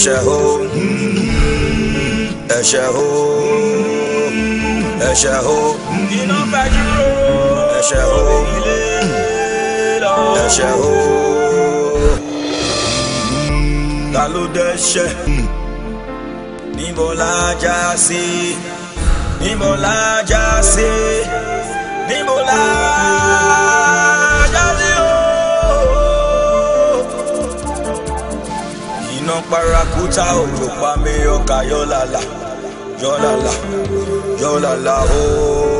ẹ̀ṣẹ̀ o ẹ̀ṣẹ̀ o ẹ̀ṣẹ̀ o iná fàjúrò ẹ̀ṣẹ̀ o ẹ̀ṣẹ̀ o ta ló dẹ́ṣẹ̀ níbo la já sí níbo la já sí níbo la. parakuta òjò oh, pa mi ọkà oh, yọ̀làlà yọ̀làlà yọ̀làlà ooo. Oh.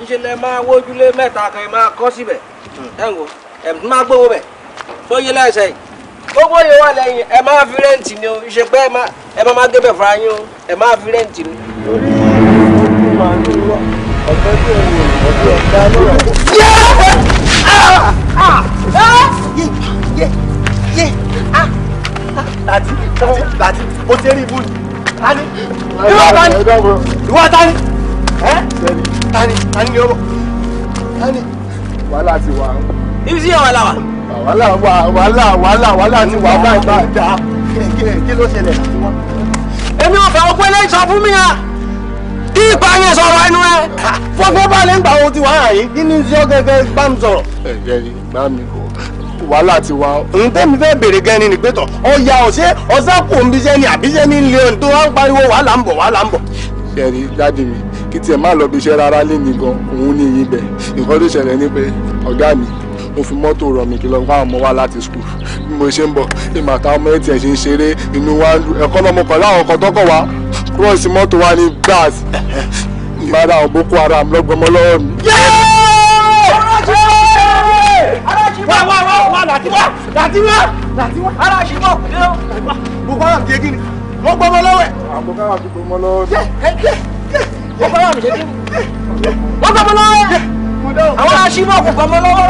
níṣẹ́ lẹ máa wójúlé mẹ́ta kan ẹ máa kọ́ síbẹ̀ ẹ ń wo ẹ máa gbówó bẹ̀ tó yé lẹ́sẹ̀ yìí gbogbo yìí wà lẹ́yìn ẹ máa fi rẹ́ǹtì ni o ìṣe pé ẹ máa máa gébẹ̀ fúnra yín o ẹ máa fi rẹ́ǹtì ni. torí ìlú màá o ṣe rí ibú ni. ìwọ ta ni ìwọ ta ni tani tani ni ó bọ̀ tani wàhálà ti wà. ibi tí yàrá làwà. wàhálà wàhálà wàhálà wàhálà ti wà báyìí bá da kí ló ṣẹlẹ̀ láti wá. èmi ò fẹ́ ọgbẹ́ sọ fún mi à kí ipa yẹn sọ̀rọ̀ ẹnu ẹ. fọgbọ́n bá lè ń gbà ohun ti wà yìí kí ni iṣẹ́ gẹ́gẹ́ bá mi sọ̀rọ̀. ẹ ẹ gbá mi kọ wàhálà ti wá ǹ tẹ́mi fẹ́ bèrè gan ni ni pé tọ̀ ọ̀ya ọ̀ṣẹ́ ọ̀ṣẹ́ kò ń bíṣẹ́ ni àbíṣẹ́ ni ń lé ohun tó wá ń pariwo wàhálà ń bọ̀ wàhálà ń bọ̀. ṣẹ́ẹ̀rí jáde mi kí tiẹ̀ má lọ bí iṣẹ́ rárá lé gan òun ní ìyìn bẹ̀ nǹkan tó ṣẹlẹ̀ ni pé ọ̀gá mi mo fi mọ́tò rọ̀ mí kí lọ fún àwọn ọmọ wa láti skul bí mo ṣe ń bọ̀ ìmọ̀ àtàwọn ọmọ ẹ̀tì ẹ̀ ṣeré inú wa ń lu ẹ̀kọ́ lọ́mọ pẹ̀lú àwọn ọkọ̀ tọ́kọ̀ wa kúrọ̀sì mọ́tò wa ní gbàs ìbára àwọn boko haram lọ́gbọ̀mọ lọ́wọ́ mi. wá wọ́n fẹ́ wà mí létí wọ́n gbọ́ mọ́ lọ́wọ́ àwọn aṣíwọ́ kò gbọ́ mọ́ lọ́wọ́.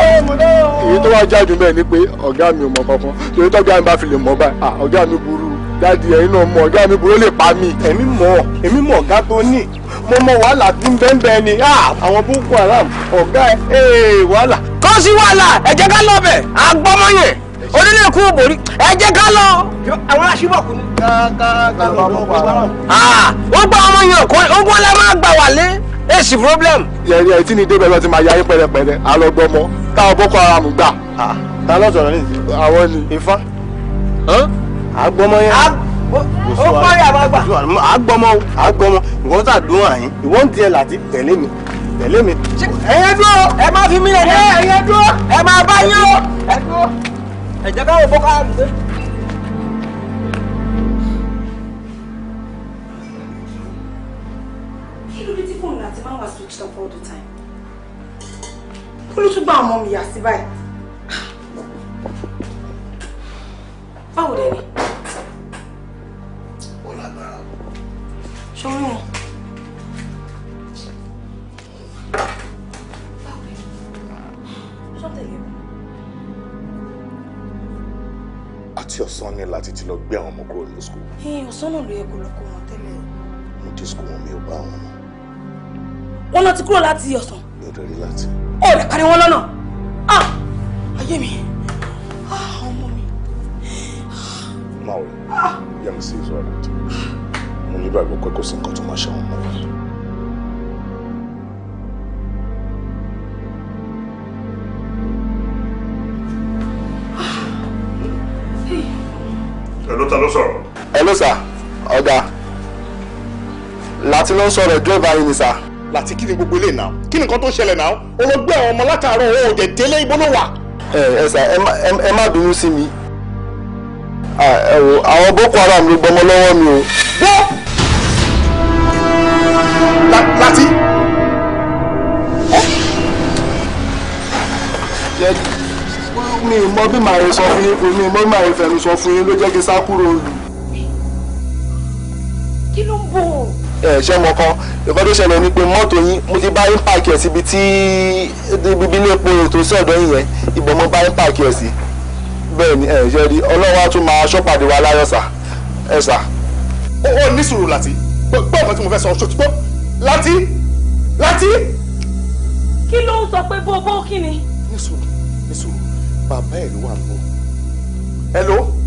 èyí tó wá jáde bẹ́ẹ̀ ni pé ọ̀gá mi ò mọ kankan torí tọ́gá mi bá fi lè mọ báyìí ọ̀gá mi burú dáàdi ẹ̀yin náà mọ ọ̀gá mi burú lè pa mi. èmi mọ̀ èmi mọ̀ ọ̀gá tó ní mo mọ wàhálà tí ń bẹ́ẹ̀nbẹ́ẹ́ ni àwọn Boko Haram ọ̀gá ẹ̀ wàhálà. kọ́sí wàhálà ẹ̀jẹ̀ ká lọ bẹ̀ àgbọ̀mọyẹ̀ onílé kú borí ẹ jẹ́ ká lọ. àwọn aṣíbọ̀kú ni. ó gba ọmọ yẹn kó ogún ọlá máa gbà wálé èsì problem. yẹ̀rì ẹ̀ tí ni débẹ̀ lọ ti máa yáyé pẹ̀lẹ́pẹ̀lẹ́ alọ́gbọ́mọ táwọn boko haram gbà. ta ló sọ̀rọ̀ ní ìsìn. àwọn ni. ifá. àgbọmọ yẹn. ó parí àbágbà. àgbọmọ àgbọmọ ìwọ́n tàdúrà yín ìwọ́n tiẹ̀ láti tẹ̀lé mi tẹ̀lé mi. ẹ̀yẹ́ dúró ẹ má fi mí lẹ̀ dẹ́ ẹ̀yẹ́ dúró ẹ má bá yín o ẹ jẹ́ káwọn boko haram dé. kí ló dé tí fóònù àti switched off all the time kí ló tún gba ọmọ mi yà sí báyìí. báwo dẹ̀ ni. ó lágbára. sọ́wọ́n wọn. láti ọ̀sán ni láti ti lọ gbé àwọn ọmọ kúrò ní skul. ẹyin ọ̀sán náà ló yẹ kó lọ kó wọn tẹ́lẹ̀. mo dé skul wọn mi ò bá wọn mọ. wọn lọ ti kúrò láti ọ̀sán. mi ò dẹ̀rí láti. ó rẹ̀ parí wọn lọ́nà. Ah! ayé mi ah, ọmọ mi. máa wọ ah! yẹmi sí ìṣòro àdàtì mo nígbàgbọ́ pé kò sí nǹkan tó máa ṣe àwọn ọmọ wa. ló sà ọ̀gá láti ló ń sọ̀rọ̀ dírẹ́bà yìí ni sà. láti kí ni gbogbo ilé náà kí ni nǹkan tó ṣẹlẹ̀ náà olóògbé àwọn ọmọ látàárọ̀ owó òde délé ibo ló wà. ẹ ẹ sà ẹ má bínú sí mi àwọn boko haram ló gbọmọ lọ́wọ́ mi o. wọ́n láti. mi ò mọ bí màá sọ fún yín mi ò mọ bí màá fẹnu sọ fún yín ló jẹ́ kí sá kúrò lù ẹ ṣe mọ kan nǹkan tó ṣẹlẹ̀ ni pé mọ́tò yín mo ti bá yín pààkì ẹ̀ síbi tí bíbí ilé epo ètò sí ọ̀dọ̀ yín yẹn ibò mo bá yín pààkì ẹ̀ sí bẹ́ẹ̀ ni ẹ ṣe rí ọlọ́wọ́ á tún máa ṣọ́pàdé wa láyọ̀ sà ẹ sà. ó ó ní sùúrù láti gbọ́ ọ̀kan tí mo fẹ́ sọ ṣòtú gbọ́ láti láti. kí ló ń sọ pé bó kí ni. ní sùúrù ní sùúrù bàbá ẹ̀ ló wà lọ. hello.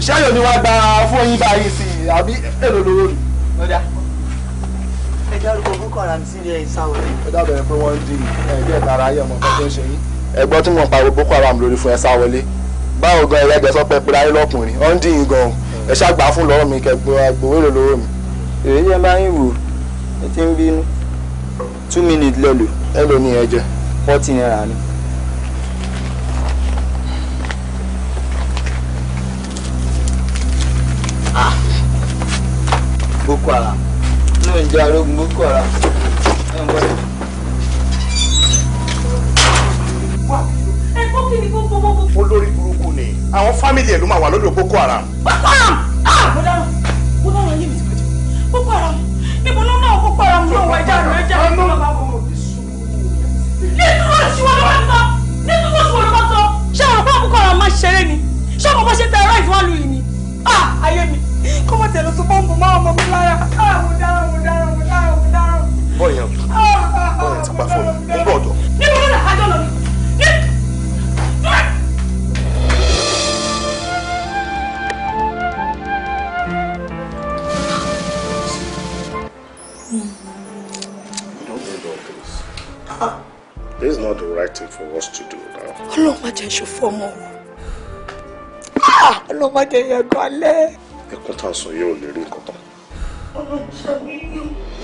ṣáyọ̀ ni wàá gba fún yín báyìí sí i àbí èlò lówó ni. ọ̀dà ẹ dárúkọ boko haram sí ilé ìsáwọ̀ rẹ̀. ó dábẹ̀rẹ̀ pé wọ́n ń di ẹgbẹ́ ìtara ayé ọmọ kan tó ń ṣe yín. ẹgbọ́n tí wọ́n pariwo boko haram lórí fún ẹ sáwọlé báwo gan ẹlẹ́gbẹ́ sọ pé pẹ́lá lọ́kùnrin ó ń dín in gan ẹ ṣàgbà fún lọ́rọ̀ mi kẹgbọ́n èrò lọ́wọ́ mi. èrè yẹn bá yín wò ẹ ti ń bínú two minutes lẹ́lò. ẹ lò ní ẹ̀jẹ̀. forty naira ni. boko haram náà ń jẹ́ arógun boko haram ẹ̀ ń bọ́lẹ̀. olórí burúkú ni àwọn fámìlì ẹ̀ ló máa wà lọ́dọ̀ boko haram. boko haram ah! mo dára mo dára yé mi ti bàjẹ́ boko haram níbo ló náà boko haram ló wà ẹja rẹ ẹja rẹ ló bá wọ. nítorí oṣù wo ló bá sọ nítorí oṣù wo ló bá sọ ṣé àwọn boko haram máa ṣeré ni ṣé àwọn bá ṣe tẹ ẹ̀rọ ìfọwọ́lù yìí ni ah! ayé mi kó mọ̀ tẹ̀lé sọ pọ́ǹpù mọ́ ọmọ mi This is not the right thing for us to do now. Ọlọ́run má jẹ́ ṣòfò ọmọ. Ah, Ọlọ́run má jẹ́ yẹn gan alẹ́ ẹkún tá à ń sọ yóò lè rí nǹkan kan mo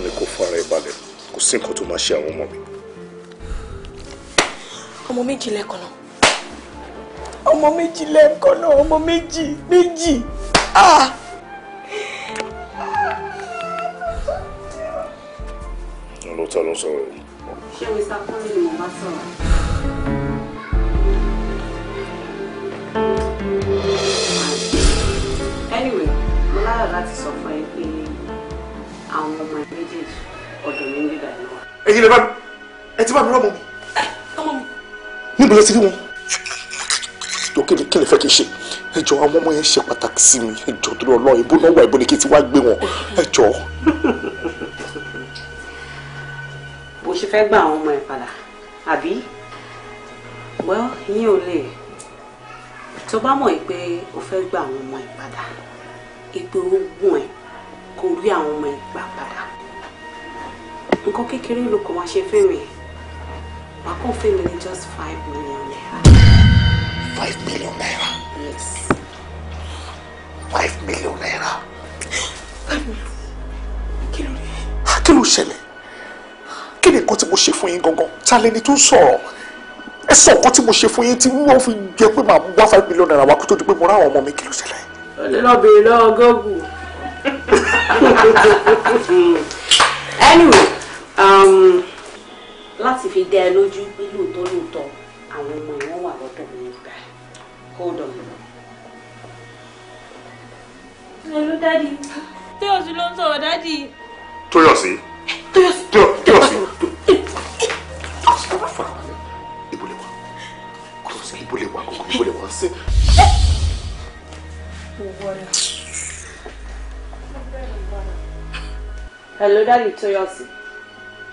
ní kó fara ẹ balẹ̀ kò sí nǹkan tó máa ṣe àwọn ọmọ mi. ọmọ méjì lẹ́ẹ̀kan náà ọmọ méjì lẹ́ẹ̀kan náà ọmọ méjì méjì ah. lóòótọ́ ló ń sọ̀rọ̀ yìí. ṣé mr kúnlé ni mo bá sọ̀rọ̀? anyway mo láyọ̀ láti sọ fún ẹ pé àwọn ọmọ ẹ méjèèjì ọ̀dọ̀ mi ń gbé báyìí lọ. ẹ̀yin lè bá mi ẹ ti bá mi rọ ọmọ mi. ọmọ mi. níbo lẹ ti rí wọn. jọ kí ni kí ni fẹ́ kí n ṣe ẹ jọ àwọn ọmọ yẹn ṣe pàtàkì sí mi ẹ jọ torí Ọlọ́run ibo náà wà ibo ni kí n ti wá gbé wọn ẹ jọ. bó ṣe fẹ́ gba àwọn ọmọ ẹ padà àbí well yín ò lè tó bá mọ̀ pé o fẹ́ gba àwọn ọmọ ẹ padà pé ó gùn ẹ kó rí àwọn ọmọ ẹ gbà padà nǹkan kékeré ló kàn wá ṣe fẹ́mi ẹ wàá kàn fẹ́mi ní just five million naira. five million naira. yes. five million naira. kí ló dé. Ah, kí ló ṣẹlẹ̀ kí ni nǹkan tí mo ṣe fún yín gangan ta lẹni tó ń sọ̀rọ̀ ẹ sọ nǹkan tí mo ṣe fún yín tí wọ́n fi jẹ pé màá wá five million naira wá kó tó di pé mo rá àwọn ọmọ mi kí ló ṣẹlẹ̀ ó lọ béèrè lọ́wọ́ gọ́gù. anyway um, láti fi dá ẹ lójú pé lóòótọ́ lóòótọ́ àwọn ọmọ wọn wà lọ́dọ̀ mi gbà hold on. hello dadi tóyọ̀sí ló ń sọ̀rọ̀ dadi. tóyọ̀sí. tóyọ̀sí. tóyọ̀sí. tóyọ̀sí. ibùlẹ̀ wa ibùlẹ̀ wa ibùlẹ̀ wa sí water. Hello, Daddy Toyosi.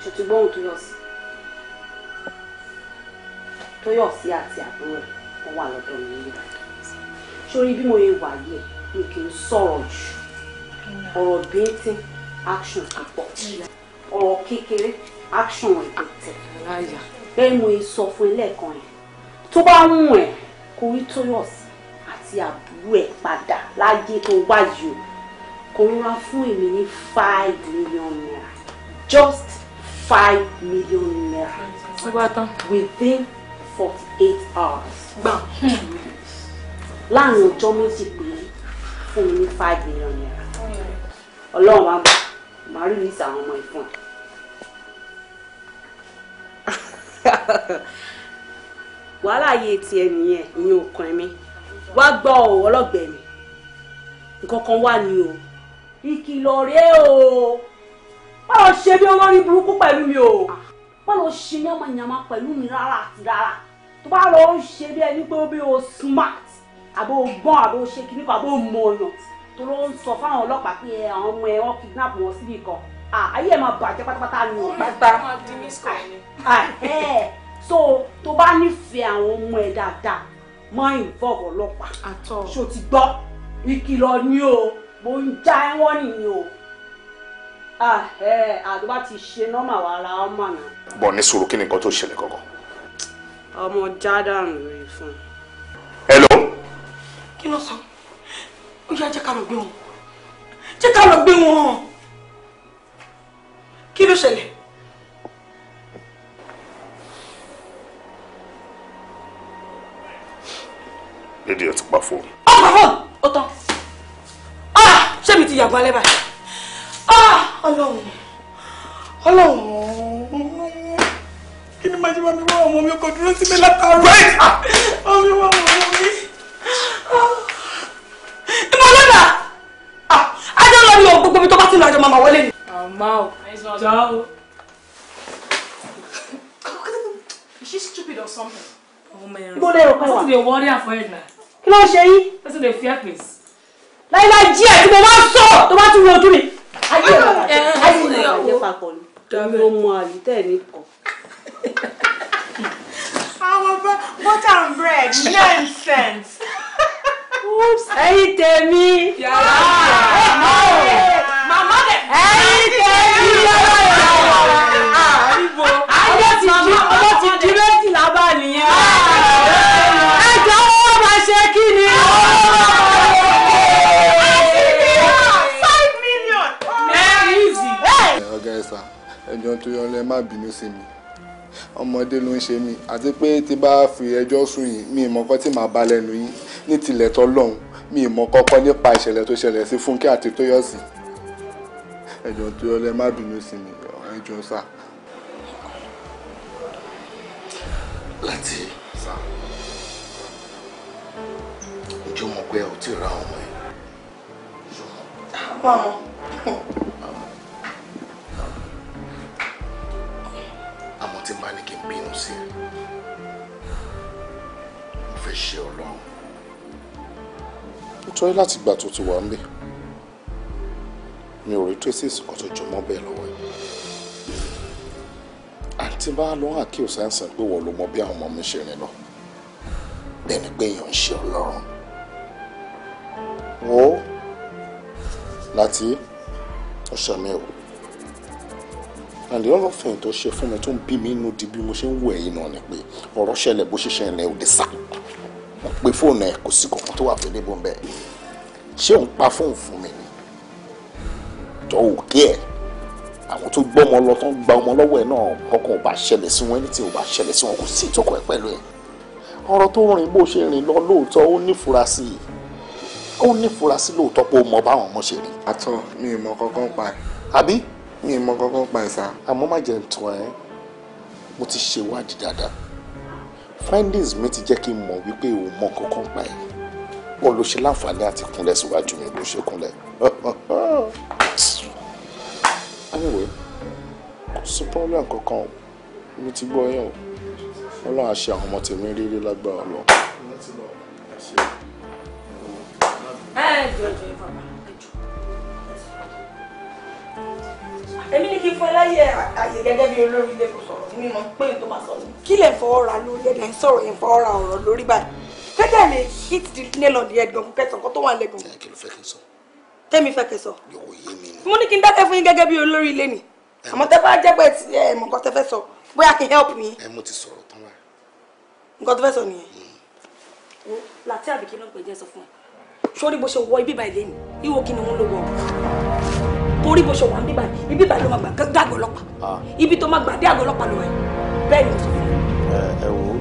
Ṣòtúgbọ́n Toyosi. Toyosi ati àbúrò ẹ̀ wọ́n wà lọ́dọ̀ mi nílé bàtà. mo yẹ wa ye. ẹ̀ mi kì í sọ̀rọ̀ jù. Ọ̀rọ̀ action púpọ̀. Ọ̀rọ̀ kékeré, action ìpètè. Bẹ́ẹ̀ mo yẹ sọ fún ilé ẹ̀kan yẹn. Tó bá ń wù ẹ̀ Toyosi àti àbúrò ìlú ẹ̀ padà láyé tó wáyé o kò ń ra fún èmi ní five million naira just five million naira within forty eight hours gbà láàrin ọjọ́ méjì péré fún mi ní five million naira ọlọ́run wa bá màá rí ní ìsàwọn ọmọ ìfún ẹ̀. wàhálà yìí tiẹ̀ nìyẹn ìyẹn ò kàn mí wá gbọ́ ò ọlọ́gbẹ̀ẹ́ mi nǹkan kan wà ní o ìkìlọ̀ rèé o má lọ ṣe bí olórí burúkú pẹ̀lú mi o má lọ ṣe yánmayànmá pẹ̀lú mi rárá àti rárá tó bá lọ ṣe bí ẹni pé ó bí o smart àbó o gbọ́n àbó o ṣe kíní kan àbó o mọ ọyàn tó ló ń sọ fáwọn ọlọ́pàá pé àwọn ọmọ ẹ wọn kidnap wọn síbì kan ayé ẹ máa bàjẹ́ pátápátá ni o pátá so tó bá nífẹ̀ẹ́ àwọn ọmọ ẹ dáadáa má involve ọlọ́pàá ṣó ti gbọ́ ìkìlọ̀ ni o mo ń já ẹ̀wọ̀n nìyí o ah, eh, àdúrà ti ṣe nọ́mà wa ara ọmọ àná. bọ̀ ní sùúrù kí ni nǹkan tó ṣẹlẹ̀ kankan. ọmọ jádàánù rèé fún un. hello. kí ló sọ ó yá jẹ́ ká lọ gbé wọn jẹ́ ká lọ gbé wọn kí ló ṣẹlẹ̀. lédi ẹ̀ ti pa fóònù. ọkọ fóònù ó tán ṣé mi ti yàgbọ́ alẹ́ báyìí ọlọ́run ọlọ́run kí ni màá ṣe máa fi wá ọmọ mi kò dúró sí mi látàárọ̀ ọmọ mi wá ọmọ mi. ìmọ̀ lọ́dà ajá lọ ni o gbogbo mi tó bá ti lọ àjọ màmá wọlé ni. màmá o jọ o. Is she stupid or something? Oh, man. Go there, go there. What's the worry for it now? kí ló ń ṣe yín. lọ́sọ̀ lè fi àpèsè. láìláì jí ẹ̀ tí mo bá sọ̀rọ̀ tó bá tún wo ojú mi. ayé ọ̀rọ̀ ayé papọ̀ ni mo mọ àlùtẹ́ ní kọ. àwọn butter and bread nonsense. ẹyin tèmi. yàrá màmá rẹ̀. ẹyin tèmi. yàrá rẹ̀. àyè ti jí ọ. ẹjọ́ tó yọ lẹ́ má bínú sí mi ọmọdé ló ń ṣe mí àti pé tí bá fi ẹjọ́ sùn yìí mi ìmọ̀kọ́ tí màá bá lẹ́nu yín ní tilẹ̀ tọ́lọ́hún mi ìmọ̀kọ́kọ́ nípa ìṣẹ̀lẹ̀ tó ṣẹlẹ̀ sí Fúnkẹ́ àti Tóyọ̀sí ẹjọ́ tó yọ lẹ́ má bínú sí mi ẹjọ́ sà. láti sà ojú mọ̀ pé ò ra ọmọ ẹ̀. àwọn. tí n bá ní kí n bínú sí ẹ mo fẹ́ ṣe ọlọ́run. ó tọ́ láti gbà tó ti wà ń bẹ̀ mi ò rí traces kan tó jọ mọ́ bẹ́ẹ̀ lọ́wọ́ yìí àǹtí bá lọ́wọ́ àkíyèsí àìsàn pé wọ́n ló mọ bí àwọn ọmọ mi ṣe rìn lọ bẹ́ẹ̀ ni pé èèyàn ń ṣe ọlọ́run wo láti ọ̀sẹ̀ mi ò and the other thing tó ṣe fún mi tó ń bí mi inú di bí mo ṣe ń wò ẹ̀yìn náà ni pé ọ̀rọ̀ ṣẹlẹ̀ bó ṣe ṣẹlẹ̀ òde sá mo pe fóònù ẹ̀ kò sí kankan tó wà fẹ́lẹ́ bọ́ bẹ́ẹ̀ ṣé òun pa fóònù fún mi ni jọ òkè ẹ̀ àwọn tó gbọ́ ọmọ lọ tó ń gba ọmọ lọ́wọ́ ẹ̀ náà kọ́kọ́ ò bá ṣẹlẹ̀ sí wọn ẹni tí ò ṣẹlẹ̀ sí wọn kò sí ìtọ́kọ̀ ẹ̀ pẹ̀lú ẹ̀ ọ̀rọ̀ tó rìn bó ṣe rìn lọ lóòótọ́ ó nífura sí i ó nífura sí lóòótọ́ pé ó mọ báwọn ọmọ ṣe rí. àtọ mi ì mọ kankan pa ẹ. àbí mi ì mọ kankan pa ẹ̀ sá. àmọ́ má jẹ́ ntọ́ ẹ mo ti ṣèwádìí dáadáa findings mi ti jẹ́ kí n mọ̀ wípé o mọ kankan pa ẹ̀ wọ́n ló ṣe láǹfààní àti kúnlẹ̀ síwájú mi ló ṣe kúnlẹ̀. anyway kò sí problem kankan mo ti gbọ́ yẹn o wọ́n lọ́n àṣẹ àwọn ọmọ tèmi rírí lágbára lọ. ẹ jọjọ ìfọ̀mọ́. èmi ní kí n fún ẹ láyé àyè gẹ́gẹ́ bí olórí ilé kò sọ̀rọ̀ mi mọ̀ pé n tó máa sọ ni. kí lè fọwọ́ ra lórí ẹ̀ ń sọ̀rọ̀ yẹn fọwọ́ ra ọ̀rọ̀ lórí báyìí kẹ́kẹ́ mi hit the nail on the head gan fẹ́ sàn kó tó wà lẹ́gàn. ẹ kí ló fẹ́ kí n sọ. tẹ́mi fẹ́ kí n sọ. yòówó yé mi ni. mo ní kí n dákẹ́ fún yín gẹ́gẹ́ bí olórí ilé ni àmọ́ tẹ́ bá jẹ́ pé ẹ mọ̀ nǹkan tẹ́ fẹ́ sọ bóyá kí n help yín. ẹ mo ti sọ̀rọ̀ tán wá. nǹkan tó fẹ́ sọ nìyẹn. Mm. wo làtí àbíkí náà pè jẹ́ sọ fún ẹ sórí bó ṣe wọ ibi báyìí lẹ́nu ìwọ kí ni wọ́n ló wọ̀ ọ́ orí bó ṣe wà ń bíbà yìí bíbà ló máa gbà dé àgọ́ ọlọ́pàá ibi tó máa gbà dé àgọ́ ọlọ́pàá ló wà bẹ́ẹ̀ ni sọ fún un. ẹ wo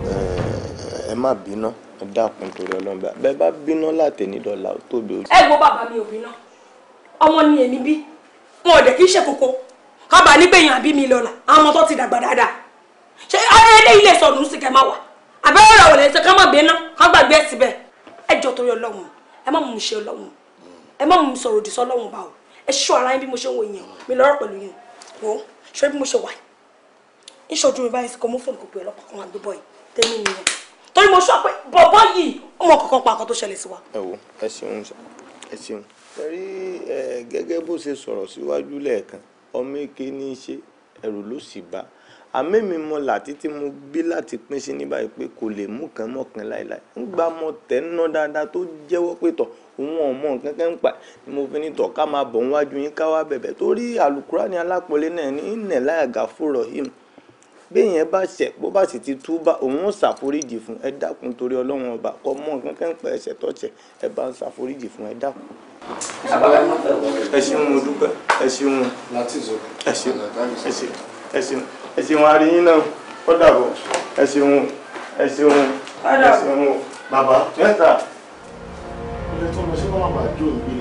ẹ má bínú ẹ dákun torí Ọlọ́run bẹ́ẹ̀ bá bínú látẹnidọ́là ó tóbi ojú. ẹ wo bàbá mi ò bínú ọmọ ni èmi bí wọn ò dẹ̀ kí í ṣe kókó kábàá nígbẹ̀yìn àbí mi lọ́la àwọn ọmọ tó ti dàgbà dáadáa ṣé eléyìí lè sọ̀rọ̀ ń sì kẹ́ máa wà àbẹ́wò rẹ̀ ò ẹ ṣọ́ ara yín bí mo ṣe ń wo yẹn mi lọ́rọ̀ pẹ̀lú yẹn wo, ó ṣé bí mo ṣe wà ìṣojú mi báyìí kò mú fóònù kò pè ọlọ́pàá kan àgbé bọ́ọ̀ yìí tẹ́lẹ̀ nìyẹn torí mo ṣọ́ pé bọ̀bọ́ yìí ó kankan pa nǹkan tó ṣẹlẹ̀ sí wa. ẹ wo ẹ ṣeun ẹ ṣeun. torí gẹ́gẹ́ bó ṣe sọ̀rọ̀ síwájú lẹ́ẹ̀kan ọmọ èké ní í ṣe ẹ̀rù ló sì bá àmẹ́mi mọ làtí tí mo gbé láti pín sí ní báyìí pé kò lè mú kan mọ́kan láìláì ń gba mọ tẹ̀ ń ná dáadáa tó jẹ́wọ́ pé tọ̀ òun ọmọ nǹkan ń pa ni mo fi ní tọ̀ ká máa bọ̀ níwájú yín ká wá bẹ̀bẹ̀ torí àlùkùránì alápọ̀lé náà ní ìnẹ̀ láyàgà fúrọ̀ yìí béèyàn bá ṣẹ̀ bó bá sì ti tú bá òun ó ṣàforíjì fún ẹ dákun torí ọlọ́run ọba kọ mọ nǹkan ẹ bá ẹ ṣeun ẹ ṣeun ẹ ṣeun ẹ ṣeun ẹ ṣeun àríyìn náà ó dàbọ̀ ẹ ṣeun ẹ ṣeun ẹ ṣeun bàbá mẹ́ta. ilé lọ sí bàbá àjò ìgbé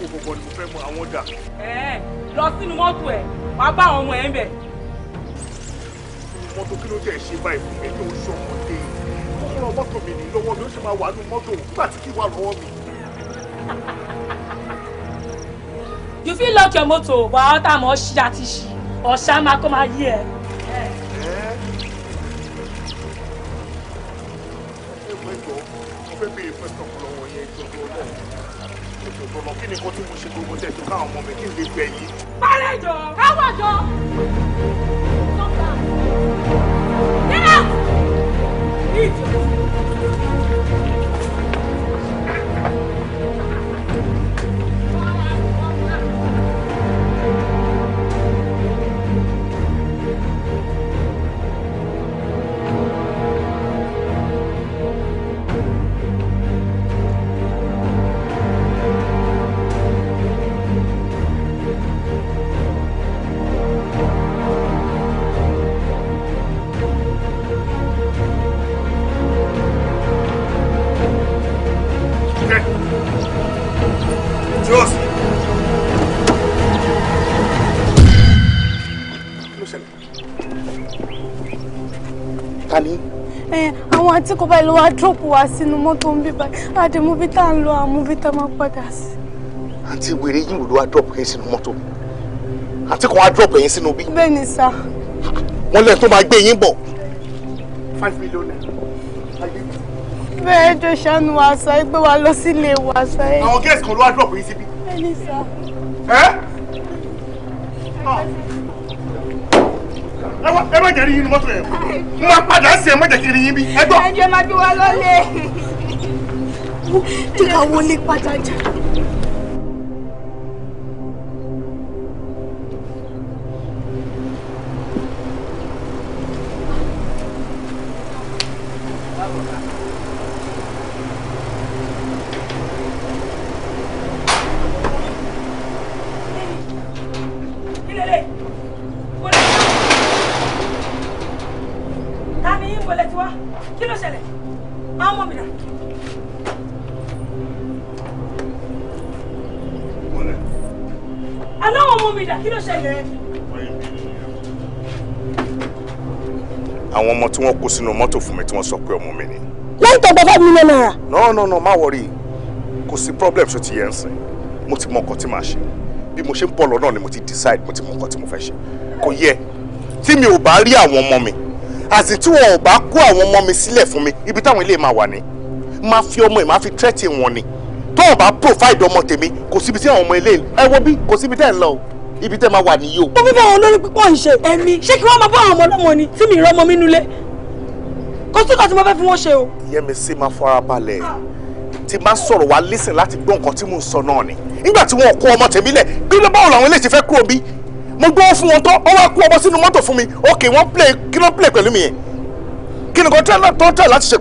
kò kọ̀kọ̀ ni mo fẹ́ mọ àwọn ọjà. ẹ ẹ lọ sínú mọ́tò ẹ wàá bá àwọn ọmọ ẹ ń bẹ̀. mọ́tò kí ló tẹ̀ ṣe báyìí fún mi tó ń ṣe ọmọdé kọ́kọ́rọ́ mọ́tò mi ní lọ́wọ́ mi ó sì máa wà nínú mọ́tò nígbà tí kì wà lọ́wọ́ mi. you fit lock your motor wàá tá a mọ̀ ọ́ ṣí àti ṣí ọ̀ṣá máa kọ́ máa yí ẹ. ẹ ẹ mọ ẹjọ mo fẹ́ bèèrè fẹsọ ọpọlọ wọn yẹn ìjọba Ọlọ́run kí o tó lọ kí ni kó tí mo ṣe gbogbo tẹ̀ káwọn ọmọ mi kí n lè gbẹ yìí. párẹ́ jọ káwọ̀ jọ. Get out! Idiot! tí kò báyìí ló wá drop wá sínú mọ́tò ń bí báyìí àdè mubi tá à ń lọ àwọn mubi tá a máa padà sí. àǹtí wèrè yìí ló wá drop yẹn sínú mọ́tò àǹtí kan wá drop yẹn sínú bí. bẹ́ẹ̀ ni sá. wọ́n lẹ́yìn tó máa gbé yín bọ̀. five million naira. bẹ́ẹ̀ jọ ṣàánú wa sá ẹgbẹ́ wa lọ sílé wa sá. àwọn gẹ́sì kan ló wá drop yín síbí. bẹ́ẹ̀ ni sá. ẹ́ ẹ má jẹ́ rí yín ní mọ́tò yẹn mo máa padà sí ẹ má jẹ́ kí rí yín bí ẹ gbọ́. ẹ jẹ́ máa bí wa lọ́lẹ̀. jẹ́ ká wọlé padà jà. ọmọ mi dà kí ló ṣẹlẹ̀. àwọn ọmọ tí wọ́n kó sínú mọ́tò fún mi tí wọ́n sọ pé ọmọ mi ni. lẹ́yìn tó five million naira. no no no má wọrí kò sí problem ṣó ti yẹ ń sìn mo ti mọ nǹkan tí màá ṣe bí mo ṣe ń bọ̀ lọ́nà ni mo ti decide mo ti mọ nǹkan tí mo fẹ́ ṣe kò yẹ tí mi ò bá rí àwọn ọmọ mi àti tí wọn ò bá kó àwọn ọmọ mi sílẹ̀ fún mi ibi táwọn ilé máa wà ní máa fi ọmọ ẹ̀ máa fi tẹ́tì wọn ni tó wọn bá provide ọmọ tèmi kò síbi tí àwọn ọmọ ilé ẹ wọ bí kò síbi tẹ́ ẹ lọ ibi tẹ́ máa wà nìyí o. mo fi báwọn olórí pípọ̀ ń ṣe ẹ̀mí ṣé kí wọ́n máa bá àwọn ọmọ ọlọ́mọ ni tí mi ìrọ́mọ mi nulẹ̀ kó sí nǹkan tí mo fẹ́ fi wọ́n ṣe o. Yẹ́misí máa fara balẹ̀ tí máa sọ̀rọ̀ wá lísìn láti gbọ́ nǹkan tí mò ń sọ náà ni nígbà tí wọn kó ọmọ tèmi bí ló báwo làwọn eléyìí fẹ́ kúrò bí mo gbọ́ fún wọn tán wọ́n wá kó ọmọ sínú mọ́tò fún mi ok wọ́n play kí ló play pẹ̀lú mi yẹn kí ni kan tó tẹ̀ láti ṣe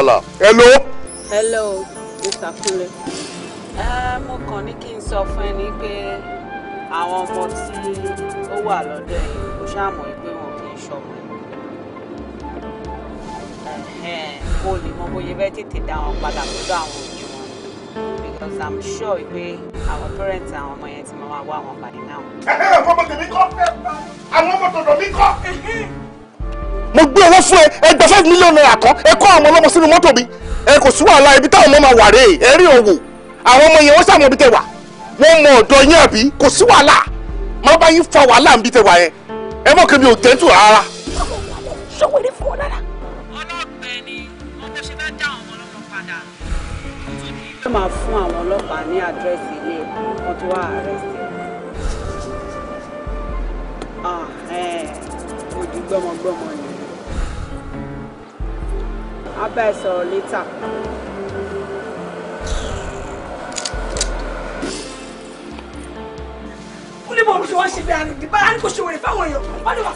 àlà. hello. hello mr Kule. ẹ mo kàn ní kí n sọ fún ẹni pé àwọn ọmọ tí ó wà lọ́dọ̀ yìí kò ṣàmọ̀ pé wọn kì í ṣọmọ mo lè mọ bóyá bẹ́ẹ̀ tètè dá wọn padà lọ́dọ̀ àwọn òbí wọn because i'm sure pé àwọn parents àwọn ọmọ yẹn ti máa wá wọn padà náà. ẹ ẹ ọmọ tèmi kọ́ àwọn ọmọ tọ̀dọ̀ mi kọ́ mo gbé owó fún ẹ ẹ gba five million naira kan ẹ kọ́ àwọn ọlọ́mọ sínú mọ́tò mi ẹ kò sí wàhálà ibi táwọn ọmọ máa wà rèé ẹ rí òwò àwọn ọmọ yẹn wọ́n sàmọ́ ibi tẹ wà wọ́n mọ ọ̀dọ̀ yín àbí kò sí wàhálà má bá yín fa wàhálà ibi tẹ wà yẹn ẹ mọ̀ kébi ò tẹ́tù rárá. sọ́wọ́ ni ọmọ ṣe bá dá àwọn ọlọ́pàá padà. ó ah, ni á bá ẹ sọ̀rọ̀ létà. kúlẹ̀ bọ̀ olùsọ̀wọ́ ṣe bẹ́ẹ̀ ni bá a ní kò ṣe wẹ̀rẹ̀ fáwọn èèyàn wọ́n ní wà.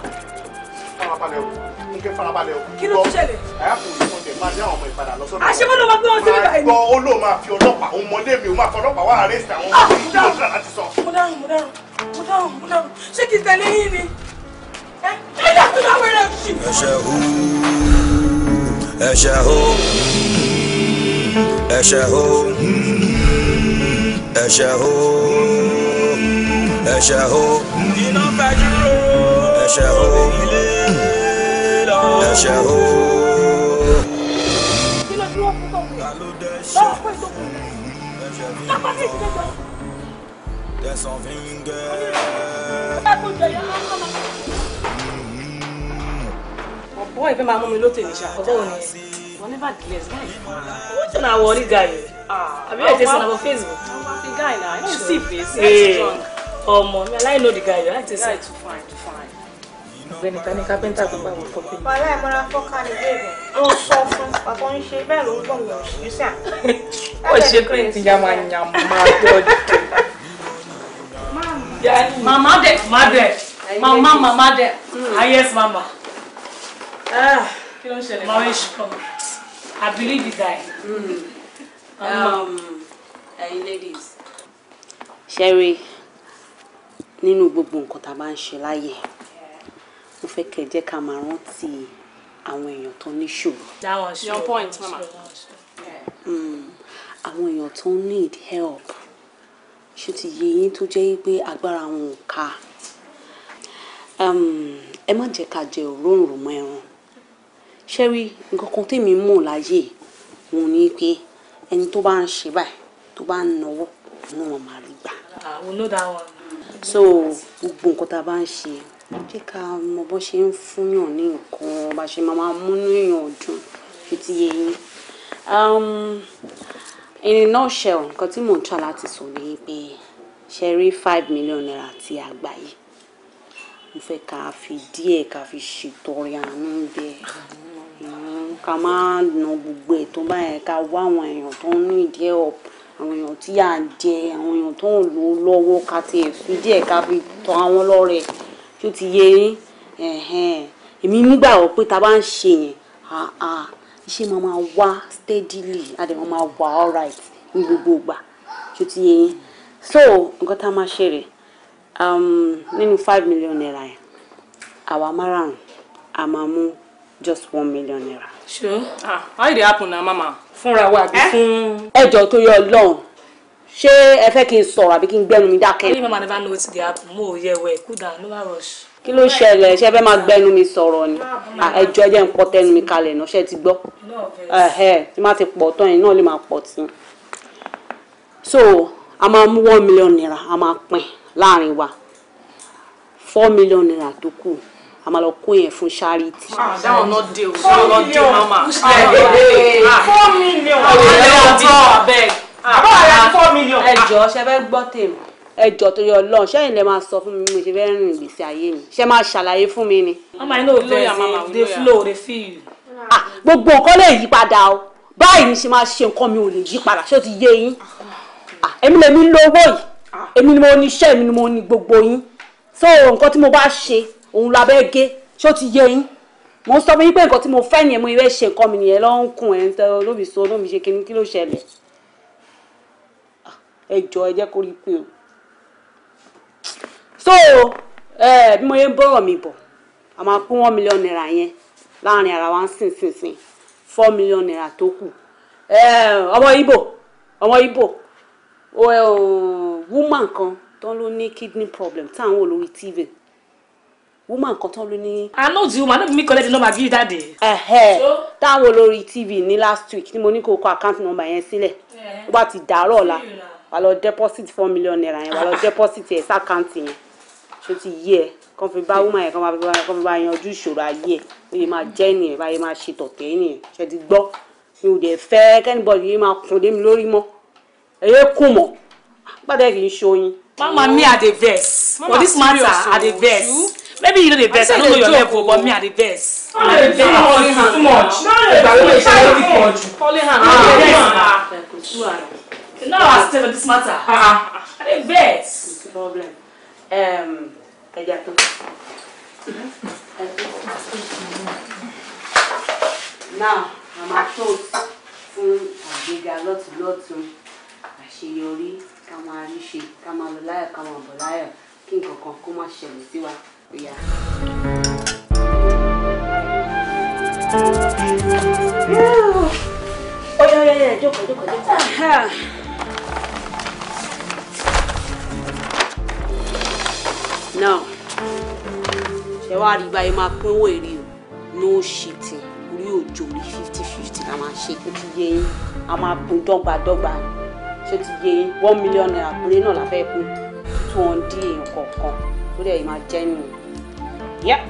farabalẹ̀ o n kẹ́ farabalẹ̀ o. kí ló ṣẹlẹ̀. a yà kò ní kọ́ńtẹ̀ máa dé àwọn ọmọ ìpadà lọ́sọ̀rọ̀. àṣebọ́n ló máa gbé wọn síbi báyìí. máa gbọ́ ó lóun máa fi ọlọ́pàá òun mọ́lé mi òun máa fi ọlọ́pàá wá àrẹ́sì àwọn ọmọ ìjọba láti sọ. mo dárùn mo dárùn mo dárùn mo dárùn ṣé kì í tẹ̀lé yín ni. ẹ ẹ dàkúrò àwọn ẹ̀rọ ẹ̀ṣẹ̀ o ẹ̀ṣẹ̀ o ẹ̀ṣẹ̀ o ẹ̀ṣẹ̀ o iná fẹ́jú ẹ̀ṣẹ̀ o ẹ̀ṣẹ̀ o. Tẹ̀sán fi ń gẹ́. Wọ́n ìfẹ́ máa mú mi lóto ìníṣà, ọ̀bọ̀ òní. Wọ́n ní bàdí lẹ́sì báyìí. Wọ́n jẹ́ náà wọrí guy. Ah. Àbí ẹ̀ tẹ̀sán àbọ̀ Facebook. The guy na, I don't see face, very eh, strong. Ọmọ I like know the guy, I like tẹ̀sán. The too fine, too fine. Ọ̀gbẹ́ni ta ni kápẹ́ntà gbogbo àwọn kọ́pẹ́. Bàbá ẹ̀gbọ́n ra fọ́ká ni bẹ́ẹ̀ ni. Ó sọ fún bàbá ń ṣe bẹ́ẹ̀ ló ń gbọ̀n mi òṣìṣẹ́ sà. Ó ṣe pé ti yàmà yàmà dọ́jú. Màmá dẹ̀, màmá dẹ̀, màmá màmá dẹ̀, hmm. ah yes mama. Ah, kí ló ń ṣẹlẹ̀. Maurice come I believe you hmm. die. Um, ladies. ṣẹ́rí nínú gbogbo nǹkan tá a bá ń ṣe láyè mo fẹ́ kẹ́ ẹ jẹ́ ká máa rántí àwọn èèyàn tó níṣòro. that was your point mama. Hmm. àwọn èèyàn tó need help ṣe ti yẹ yín tó jẹ́ pé agbára wọn ò ká um, ẹ má jẹ́ ká jẹ òróǹro mọ́ ẹran ṣẹ́rí nǹkan kan tèmi mọ̀ láyé òun ni pé ẹni tó bá ń ṣe báyìí tó bá ń náwó náà wọn máa rí gbà. so gbogbo nǹkan tá a bá ń ṣe jẹ́ ká mọ bó ṣe ń fúnyàn ní nǹkan bá ṣe máa múnú èèyàn dùn fi ti yé yín. Um, in a nutshell nǹkan tí mò ń tọ́ láti sọ ni pé ṣe rí five million naira ti àgbà yìí mo fẹ́ ká fi díẹ̀ ká fi ṣètọrẹ àánú bẹ́ẹ̀ ká má na gbogbo ètò báyẹn ká wá àwọn èèyàn tó ń ní ìdí ọ̀p àwọn èèyàn tí à ń jẹ àwọn èèyàn tó ń lò lọ́wọ́ ká ti fi díẹ̀ ká fi tọ́ àwọn lọ́rẹ̀ tó ti yé èmi nígbàgbọ́ pé ta bá ń ṣe yẹn iṣẹ́ máa máa wá steadily adé máa máa wà alright ní gbogbo ìgbà tó ti yé yín so nǹkan tá a máa ṣe rèé um, nínú five million naira yẹn àwa márùn-ún a máa mú just one million naira Sure. Ah, how did it happen now, Mama? Fúnra wa àbí eh? fún. Ẹjọ́ tó yọ lọ́hùn. Ṣé ẹ fẹ́ kí n sọ̀rọ̀ àbí kí n gbẹ́nu mi dákẹ́? Only mama never know wetin dey happen. Mo ò yẹ wẹ̀, cool down, no rush. Kí ló ṣẹlẹ̀? Ṣé ẹ fẹ́ máa gbẹ́nu mi sọ̀rọ̀ ni? Ah, ah, Ẹjọ́ jẹ́ n pọ́ tẹnu mi kalẹ̀ náà, ṣé ẹ ti gbọ́? No, tí má ti pọ̀ tán yìí náà lè máa pọ̀ sí. So, a máa mú one million naira, a máa pín láàrin wa. Four million naira tó kù. Cool I'm máa lọ kó charity. Ah, that one no dey that one no dey mama. Ah, ah. four million ọ̀rẹ́ ọ̀tọ̀ abeg. àbá rẹ̀ four million. ẹ jọ ṣe fẹ́ gbọ́ tèmi ẹ jọ torí Ọlọ́run ṣẹyìn lẹ máa sọ fún mi mo ṣe fẹ́ rìn ìgbésí ayé mi ṣe máa ṣàlàyé mama you know the the flow dey feel. gbogbo nǹkan lè yí padà o báyìí ni ṣe máa ṣe nǹkan mi ò lè yí padà ṣé o ti yé yín èmi lèmi lówó yìí èmi ni mo ní iṣẹ́ èmi so nǹkan tí mo bá ṣe òun la bẹ́ gé ṣó ti yé yín mo sọ fún yín pé nǹkan tí mo fẹ́ nìyẹn mo ìwé ṣe nǹkan mi nìyẹn ló ń kun ẹ̀ ń tẹ olómi so olómi ṣe kíni kí ló ṣẹlẹ̀ ẹ jọ ẹ jẹ́ kó rí pé o so bí mo yẹ ń bọ̀rọ̀ mi bọ̀ a máa pín one million naira yẹn láàrin ara wa ń sìn sìn sìn four million naira tó kù ọmọ ibo ọmọ ibo woman kan tó ló ní kidney problem táwọn olórí tv woman kan tán ló ní. i know the woman no be me collect the number give you that day. ẹhẹ táwọn olórí tv ní last week ni mo ní kó kọ account number yẹn sílẹ̀ wá eh. ti dàárọ̀ la wà lọ deposit four million naira yẹn wà lọ deposit ẹ̀ sàkáǹtì yẹn ṣó ti yí ẹ kàn fi bá woman yẹn kàn fi bá yanjú ìṣòro ayé ẹ ó yẹ máa jẹ́ ènìyàn báyẹn máa ṣe tọ̀tẹ̀ ènìyàn ṣe ti gbọ́ mi ò dẹ̀ fẹ́ kẹ́nìbọ̀dì yìí máa kùn lé lórí mọ́ ẹ̀yẹ kùn mọ́ gbàdẹ́ kì í ṣoyin. mama me i dey vex for this matter i dey vex. Maybe you know the best. I, I don't know your level, but me are the best. No, no, it's too much. Too much. No, no, it's too much. Calling her. Ah, yes. Ah. No, I still this matter. Ah, ah. I the best. Problem. Um, I get to. Now, màmá toast fún àgbéga lọ́tùlọ́tù àṣeyọrí ká máa rí ṣe ká máa lọ láyọ̀ ká máa bọ̀ láyọ̀ kí nǹkan kan kó má ṣẹlẹ̀ sí wa. Oh, Oya oya oya jókòó jókòó jókòó. Now, ṣe wá rí báyìí máa pínwó èrè o, no shitting, orí òjò rí fifty fifty la máa ṣe kó ti yé yín, a máa pín dọ́gbadọ́gba ṣé ti yé yín, one million naira péré náà la fẹ́ pín, two hundred èèyàn kọ̀ọ̀kan, lórí ẹ̀yìn máa jẹ́ Yep.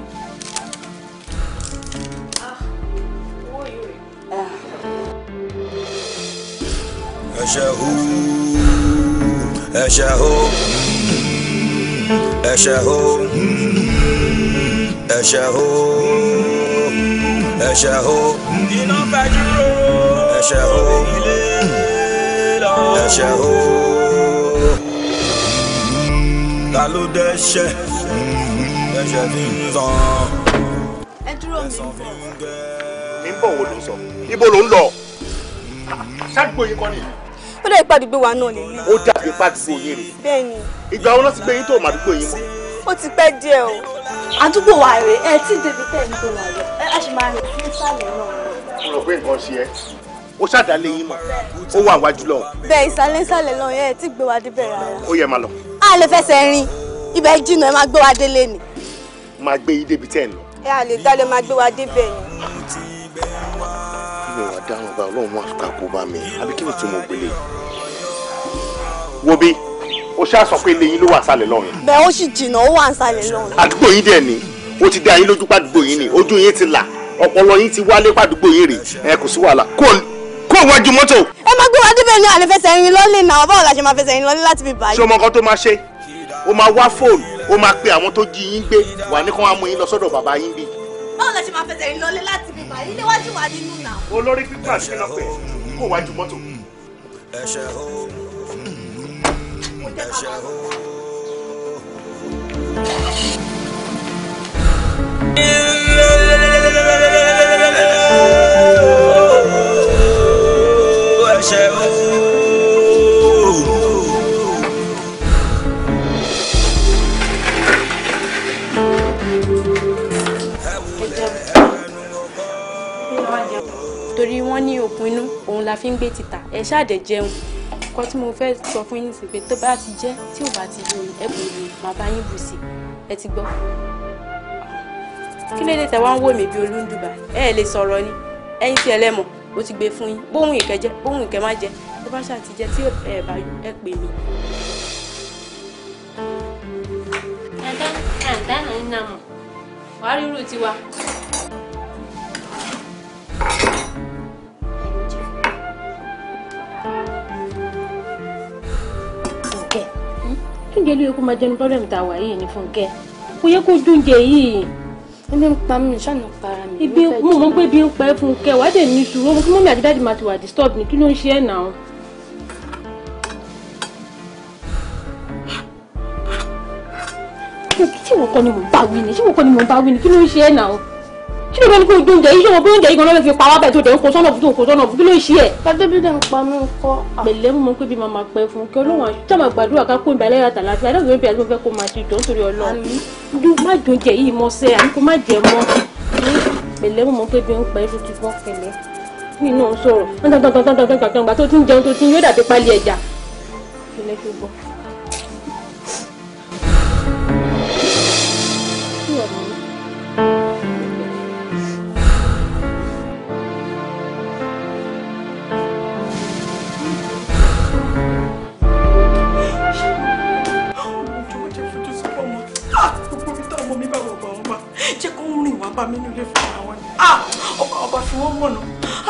Eshahu, Eshahu, Eshahu, Eshahu, Eshahu, Eshahu, Eshahu, ta ló dẹ́ṣẹ̀. ẹsẹ̀ tí ń sàn. ẹ dúró mi bọ̀. mi ń bọ̀ wo ló sọ ibo ló ń lọ. ṣáàgbó yín kọ́ ni. ó lè gbàdúgbò wa náà nìyí. ó dàbí gbàdúgbò yín rè. bẹ́ẹ̀ni. ìgbà wo ló ti gbé yín tó màdúgbò yín mọ́. ó ti pẹ́ díẹ̀ o. àdúgbò wa rè é tí débi tẹ̀ ń gbé wa rè é a sì máa rìn sí ìsàlẹ̀ náà. mo rò pé nǹkan ṣe ẹ́ ó ṣàdálé yín mọ ó wà wájú lọ. bẹ́ẹ̀ ìsàlẹ̀ ìsàlẹ̀ náà yẹn ti gbé wa débẹ̀ rárá. ó yẹ máa lọ. a lè fẹsẹ̀ rìn ibẹ̀ jìnnà ẹ máa gbé wa délé ni máa gbé yín débi tẹ́ ẹ̀ lọ. ẹ à lè dálé máa gbé wa débẹ̀ ni. kí ni wàá dáhùn bá ọlọ́run máa ta kó bá mi àbí kí ni tí mo gbélé. wo bí o ṣáà sọ pé ilé yín ló wà sálẹ̀ lọ́run. bẹ́ẹ̀ ó sì jìnnà ó wà sálẹ̀ lọ́run. àdúgbò yín dẹ̀ ni ó ti dá yín lójú pàdúgbò yín ni ojú yín ti là ọpọlọ yín ti wálé pàdúgbò yín rè ẹ kò sí wàhálà kó kó wájú mọ́tò. ẹ máa gbé wa débẹ̀ ní àlefẹsẹ̀ yín lọ́lẹ̀ náà báwo la ṣe máa fẹsẹ̀ yín lọ́lẹ̀ láti fi báyìí. ṣé ọmọ kan tó máa ṣe ó máa wá fóònù ó máa pe àwọn tó jí yín gbé wà ní kán wá mú yín lọ sọ́dọ̀ bàbá yín bí. báwo la ṣe máa fẹsẹ̀ rìn lọlé láti bí bàyí léwájú wa nínú nà. olórí pípẹ́ àṣìkẹ́nà pẹ̀ kó wájú mọ́tò. ẹ̀ṣẹ̀ o ẹ̀ṣẹ̀ o. ilé o. la fi ń gbé títà ẹ ṣáàdẹ̀ jẹun nǹkan tí mo fẹ́ sọ fún yín sí pé tó bá ti jẹ́ tí ò bá ti jẹ́ omi ẹ bùn mi màá bá yín bù sí ẹ ti gbọ́. kí ló dé tẹ wá ń wò mí bí olúndùbà ẹ ẹ lè sọ̀rọ̀ ni ẹ̀yin tí ẹ lẹ́mọ̀ mo ti gbé fún yín bóhun ìkẹ́ jẹ́ bóhun ìkẹ́ má jẹ́ tó bá ṣáà ti jẹ́ tí ẹ bá ẹ pè mí. ẹ̀dá ẹ̀dá náà ń nà mọ̀ wàá rírù tiwa. oúnjẹ ló yẹ kó máa jẹnu pọ́blẹ́mù tá a wà yìí ní fúnkẹ́ kò yẹ kó dúnjẹ yìí. ebi ń pa mí ṣáà para mi. ibi mo mọ pé ibi ń pa ẹ fúnkẹ́ wàá dẹ̀ ní sùúrù mo kí mọ́mí àti dáàdì máa ti wà disturb ni kí ló ń ṣe ẹ̀ náà. ṣé wọ́n kọ́ ni mò ń bá wí ni ṣé wọ́n kọ́ ni mò ń bá wí ni kí ló ń ṣe ẹ̀ náà ṣé o bẹ́ẹ̀ kó ojú oúnjẹ yìí ṣé o bẹ́ẹ̀ oúnjẹ yìí gan-an lọ́wọ́ fi pa wá bẹ́ẹ̀ tó dẹ̀ ń kó sọ́nà tó ń kó sọ́nà kí ló ń ṣe ẹ̀. pàdébí dẹ̀ ń pa mí kọ́ pẹ̀lẹ́ mo pé bí màmá pẹ́ fún kí ọlọ́wọ́n ṣàmà gbàdúrà ká kó ìbàlẹ̀ yàtà láfíà adájọ́ ìbí àti mo fẹ́ kó máa ti jọ nítorí ọlọ́run má jọ oúnjẹ yìí mọ́ sẹ́ àní kó má jẹ mọ́ pẹ̀lẹ́ mo pé bí ń pẹ́ tó ti bọ́ pẹ̀lẹ́ mi náà sọ̀rọ̀ gbàtó tí ń jẹun tó ti ń yóò dàbí pálí ẹja pẹ̀lẹ́ tó gbọ́. mi nílé fún àwọn ni ah! ọba ọba fi wọ́n mọ̀nà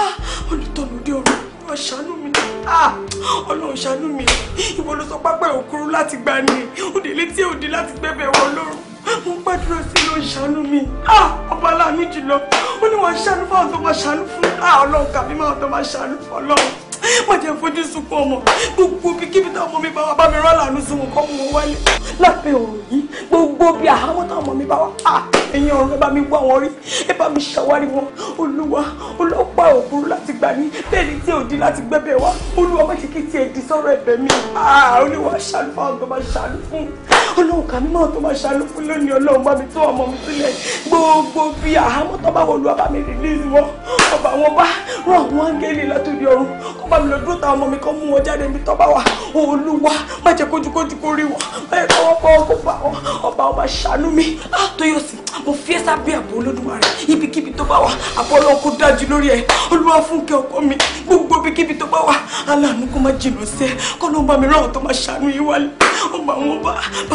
ah! olùtọ́nù dé ọ̀rọ̀ ìwọ ṣàánú mi ah! ọlọ́run ṣàánú mi ìwọ ló sọ pápá òkúrú láti gbà ní òde létí òde láti gbẹ́bẹ̀ wọ lọ́rùn mo ń gbàdúrà sí ló ń ṣàánú mi ọba aláàánú jùlọ ó ní wọn ṣàánú fún àwọn tó máa ṣàánú fún ọlọ́run kàbí máa tó máa ṣàánú fún ọlọ́run má jẹ́ fojú sunkún ọmọ gbogbo bí kíbi tá ọmọ mi bá wá bá mi rán làánú sí kọ́ mọ́ wálé lábẹ́ òòrùn yìí gbogbo bí àhámọ́ tá ọmọ mi bá wá à ẹ̀yin ọ̀run ẹ bá mi wá wọn rí ẹ bá mi ṣàwárí wọn olúwa ọlọ́pàá òkúrú láti gbà ní bẹ́ẹ̀ tí ò láti gbẹ́bẹ̀ wá olúwa má jẹ́ kí tiẹ̀ di sọ́rọ̀ ẹ̀bẹ̀ mi olúwa ṣàlùfáà ọ̀gbọ́n má ṣàlù ọlọ́run kà mí mọ́ tó máa ṣàlùkù lónìí ọlọ́run bá mi tó ọmọ mi sílẹ̀ gbogbo bí àhámọ́ tó bá wọlú ọba mi rìlíìsì wọn ọba wọn bá rọ àwọn áńgẹ́lì látòdì ọ̀run kó bá mi lọ dúró táwọn ọmọ mi kọ́ mú wọn jáde níbi tó bá wà olúwa má jẹ́ kójúkójú kó rí wọn má jẹ́ káwọn fọwọ́ kó bá wọn ọba ọba ṣàánú mi àtọyọsí mo fi ẹ́ sábẹ́ àbò olódùmarè ibikíbi tó bá wà àbọ̀ ọlọ́run kó dájú lórí ẹ̀ olúwa fúnkẹ́ ọkọ mi gbogbo ibikíbi tó bá wà aláàánú kó má jìnnà sẹ́ kọ́ ló ń bá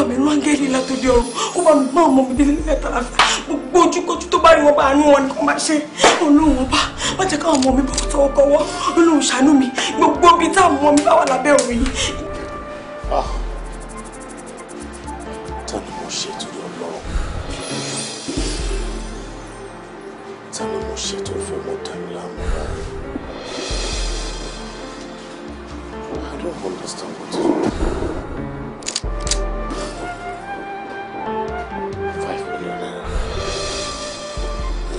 mi rán áńgẹ́lì látòdì ọ̀run ó bá mi gbọ́n ọmọ mi délé nílẹ̀ tàlàfíà gbogbo ojúkojú tó bá rí wọn bá àánú wọn ni kò máa ṣe olóhùn wọn bá má jẹ́ káwọn ọmọ mi bọ́ tọwọ́kọwọ́ olóhùn ṣàánú mi gbogbo ibi táwọn ọmọ mi bá wà lábẹ́ òun yìí. Ah. tani mo ṣe torí ọlọ́run tani mo ṣe tó fẹ́ mọ́ tani lámúra I don't understand what is wrong.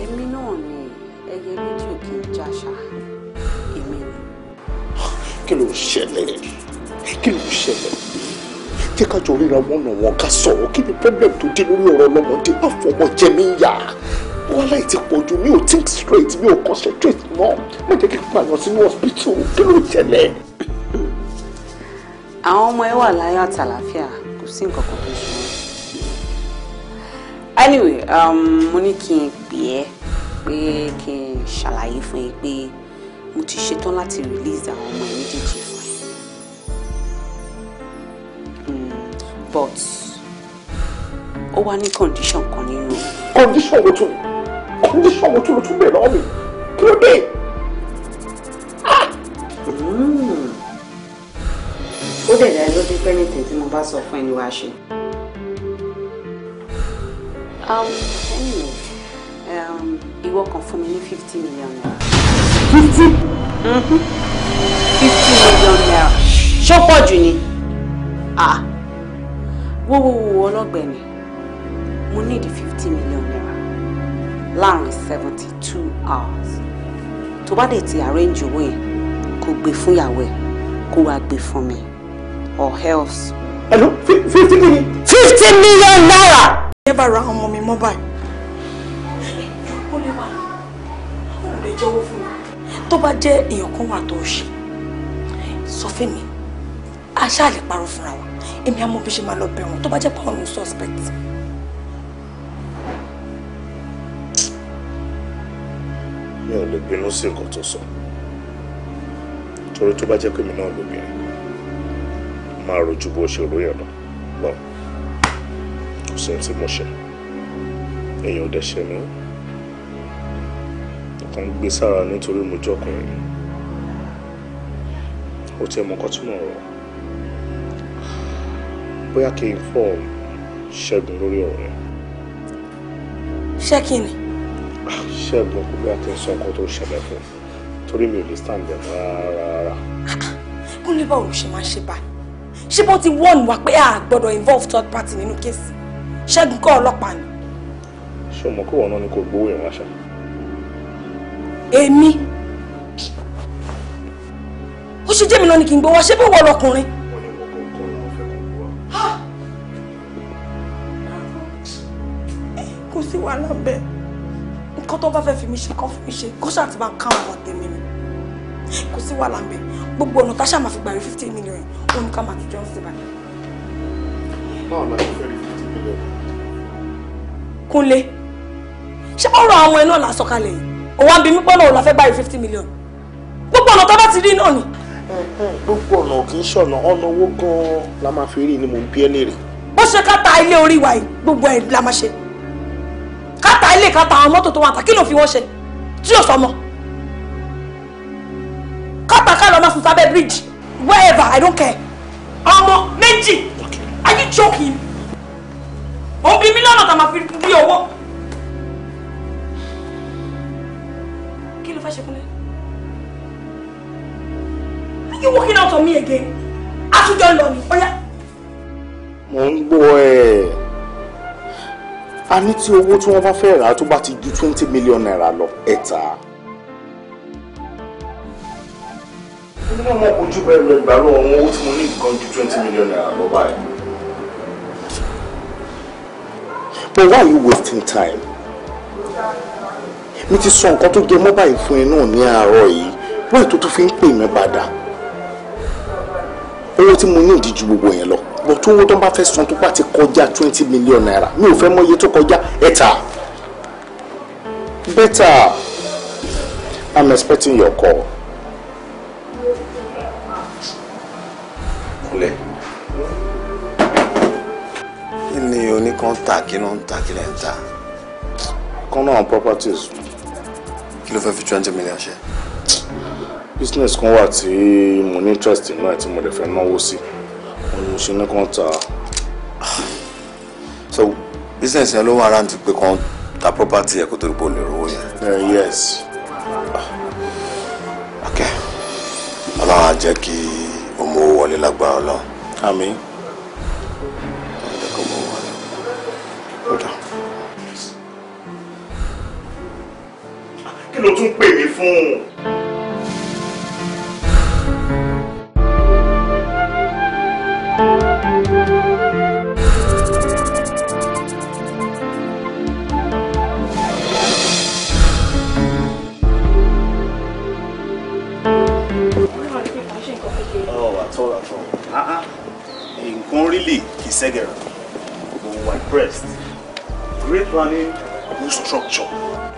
èmi náà ni ẹyẹ méjì ò kí ń jàṣà èmi ni. kí ló ń ṣẹlẹ̀ kí ló ń ṣẹlẹ̀ jẹ́ ká jọ ríra wọn nà wọn ká sọ̀rọ̀ kí ni problem tó dé lórí ọ̀rọ̀ ọlọ́mọdé àfọwọ́jẹ mi ń yà wàhálà ìti pọ̀ jù mi ò think straight mi ò concentrate mọ́ má jẹ́ kí n pààyàn sínú hospital kí ló ń ṣẹlẹ̀. àwọn ọmọ ẹ wà láyọ̀ àtàlàfíà kò sí nǹkan kan tó ṣe anyway um, mo ní kí n pè ẹ́ pé kí n ṣàlàyé fún yín pé mo ti ṣetán láti release àwọn ọmọ ẹ méjèèjì fún ẹ hmm, but ó wá ní condition kan nínú. condition wo tún condition wo tún ló tún bẹ̀ lọ́wọ́ mi kí ló dé. Ah! Hmm. ó dẹ̀ dá lójú pé ní tètè mo bá sọ fún ẹni wá ṣe. Um, anyway um, ìwọ kan fún mi ní fifty million naira. fifty. Mm-hmm. fifty million naira for ṣó pọ̀ jù ni ah. wọ́wọ́wọ́ ọlọ́gbẹ̀ni mo need fifty million naira láàrin seventy two hours To what dẹ̀ arrange owó yẹn kó gbé fún ìyàwó ẹ̀ kó wá gbé fún or else. hello fifty million. fifty million naira bá ra ọmọ mi mọ́ báyìí. ó lè wà ó lè jọ̀wọ́ fún mi. tó bá jẹ́ èèyàn kan wà tó ṣe sọ fún mi a ṣáà lè parọ́ fúnra wa èmi á mọ bí ṣe máa lọ bẹ̀ tó bá jẹ́ pàwọn ní suspect. mi ò lè bínú sí nǹkan tó sọ torí tó bá jẹ́ pé mi náà lóbìnrin máa rojú bó ṣe ròyìn lọ kò sẹ́ni tí mo ṣe èèyàn ò dẹ̀ ṣe mí nǹkan ń gbé sára nítorí mo jọkùnrin ó tiẹ̀ mọ nǹkan tí mo rọ̀ bóyá kí n fọ́ ṣẹ́gun lórí ọ̀rọ̀ yẹn. ṣé kí ni. ṣẹ́gun kò bóyá kí n sọ nǹkan tó ṣẹlẹ̀ fún un torí mi ò lè stand dem rárá. kúnlẹ̀ báwo ló ṣe máa ń ṣe báyìí ṣé bó ti wọ́n wá pé a gbọ́dọ̀ involve third party nínú kéèsì ṣẹ́gun kọ́ ọlọ́pàá ni. ṣé o mọ̀ pé ọ̀nà ni kò gbowó ìrìn àṣà. èmi ó ṣe jẹ́mi náà ni kì í gbowó ṣé bó wọ ọlọkùnrin. kò sí wàhálà bẹ́ẹ̀ nǹkan tó bá fẹ́ fi mi ṣe kán fi mi ṣe kó ṣáà ti bá ká àwọn tèmi ni kò sí wàhálà bẹ́ẹ̀ gbogbo ọ̀nà táṣà máa fi gbàrí fifteen million òun ká máa tún jọ ń ṣe báyìí. báwo la ṣe fẹ́ rí Kúnlé ṣé ọ̀rọ̀ àwọn ẹ̀ náà là sọ̀kalẹ̀ yìí òun àbí mi pọ́nà òun la fẹ́ báyìí fifty million gbogbo ọ̀nà tó bá ti rí náà ni. gbogbo ọ̀nà kì í ṣọ̀nà ọ̀nà owó gan-an la máa fi rí ni mò ń bí ẹ léèrè. bó ṣe ká ta ilé orí wa yìí gbogbo ẹ̀ la máa ṣe ká ilé ká àwọn mọ́tò tó wà ta kí ló fi wọ́n ṣe tí yóò sọmọ ká ta ká lọ máa fún sábẹ́ bíríìjì wherever I don't care ọmọ méjì are you joking? ó bí mílíọ̀nù tá a máa fi rí owó. kí ló fẹ́ ṣe kúnlẹ̀? you walking out on me again? aṣojú lọ ni ọ̀yá. mo ń gbọ́ ẹ̀ a ní tí owó tí wọ́n bá fẹ́ rà tó bá ti ju twenty million naira lọ ẹ̀ tà á. nínú ọmọ ojú bẹ́ẹ̀ lọ ìgbà lọ́wọ́ owó tí mo ní nǹkan ju twenty million naira lọ báyìí. but why are you wasting time? mi ti sọ nǹkan tó jẹ mọ́ báyìí fún ẹ náà ní àárọ̀ yìí wọ́n ètò tó fi ń pè mí padà owó tí mo ní ìdí ju gbogbo yẹn lọ bọ̀ tó owó tó ń bá fẹ́ san tó bá ti kọjá twenty million naira mi ò fẹ́ mọ iye tó kọjá ẹ̀ta better i'm expecting your call. oníkọ́ńtà kí ló ń ta kí lẹ́ ń ta kán náà properties kí ló fẹ́ fi twenty million ṣe. business kan wà tí mo ní interest nínú ẹ̀ tí mo lè fẹ́ náwó sí mo ní mo ṣe ní kàn ta. so business yẹn ló wà around pé kàn ta property ẹ̀ kó tó gbó lè rówó yẹn. Eh, yes. Okay. ọlọ́run á jẹ́ kí o mú owó wọlé lágbára ọlọ́run. ó dà. kí ló tún pè mí fún un. Oh, at all at all. Uh-uh. In great planning good structure.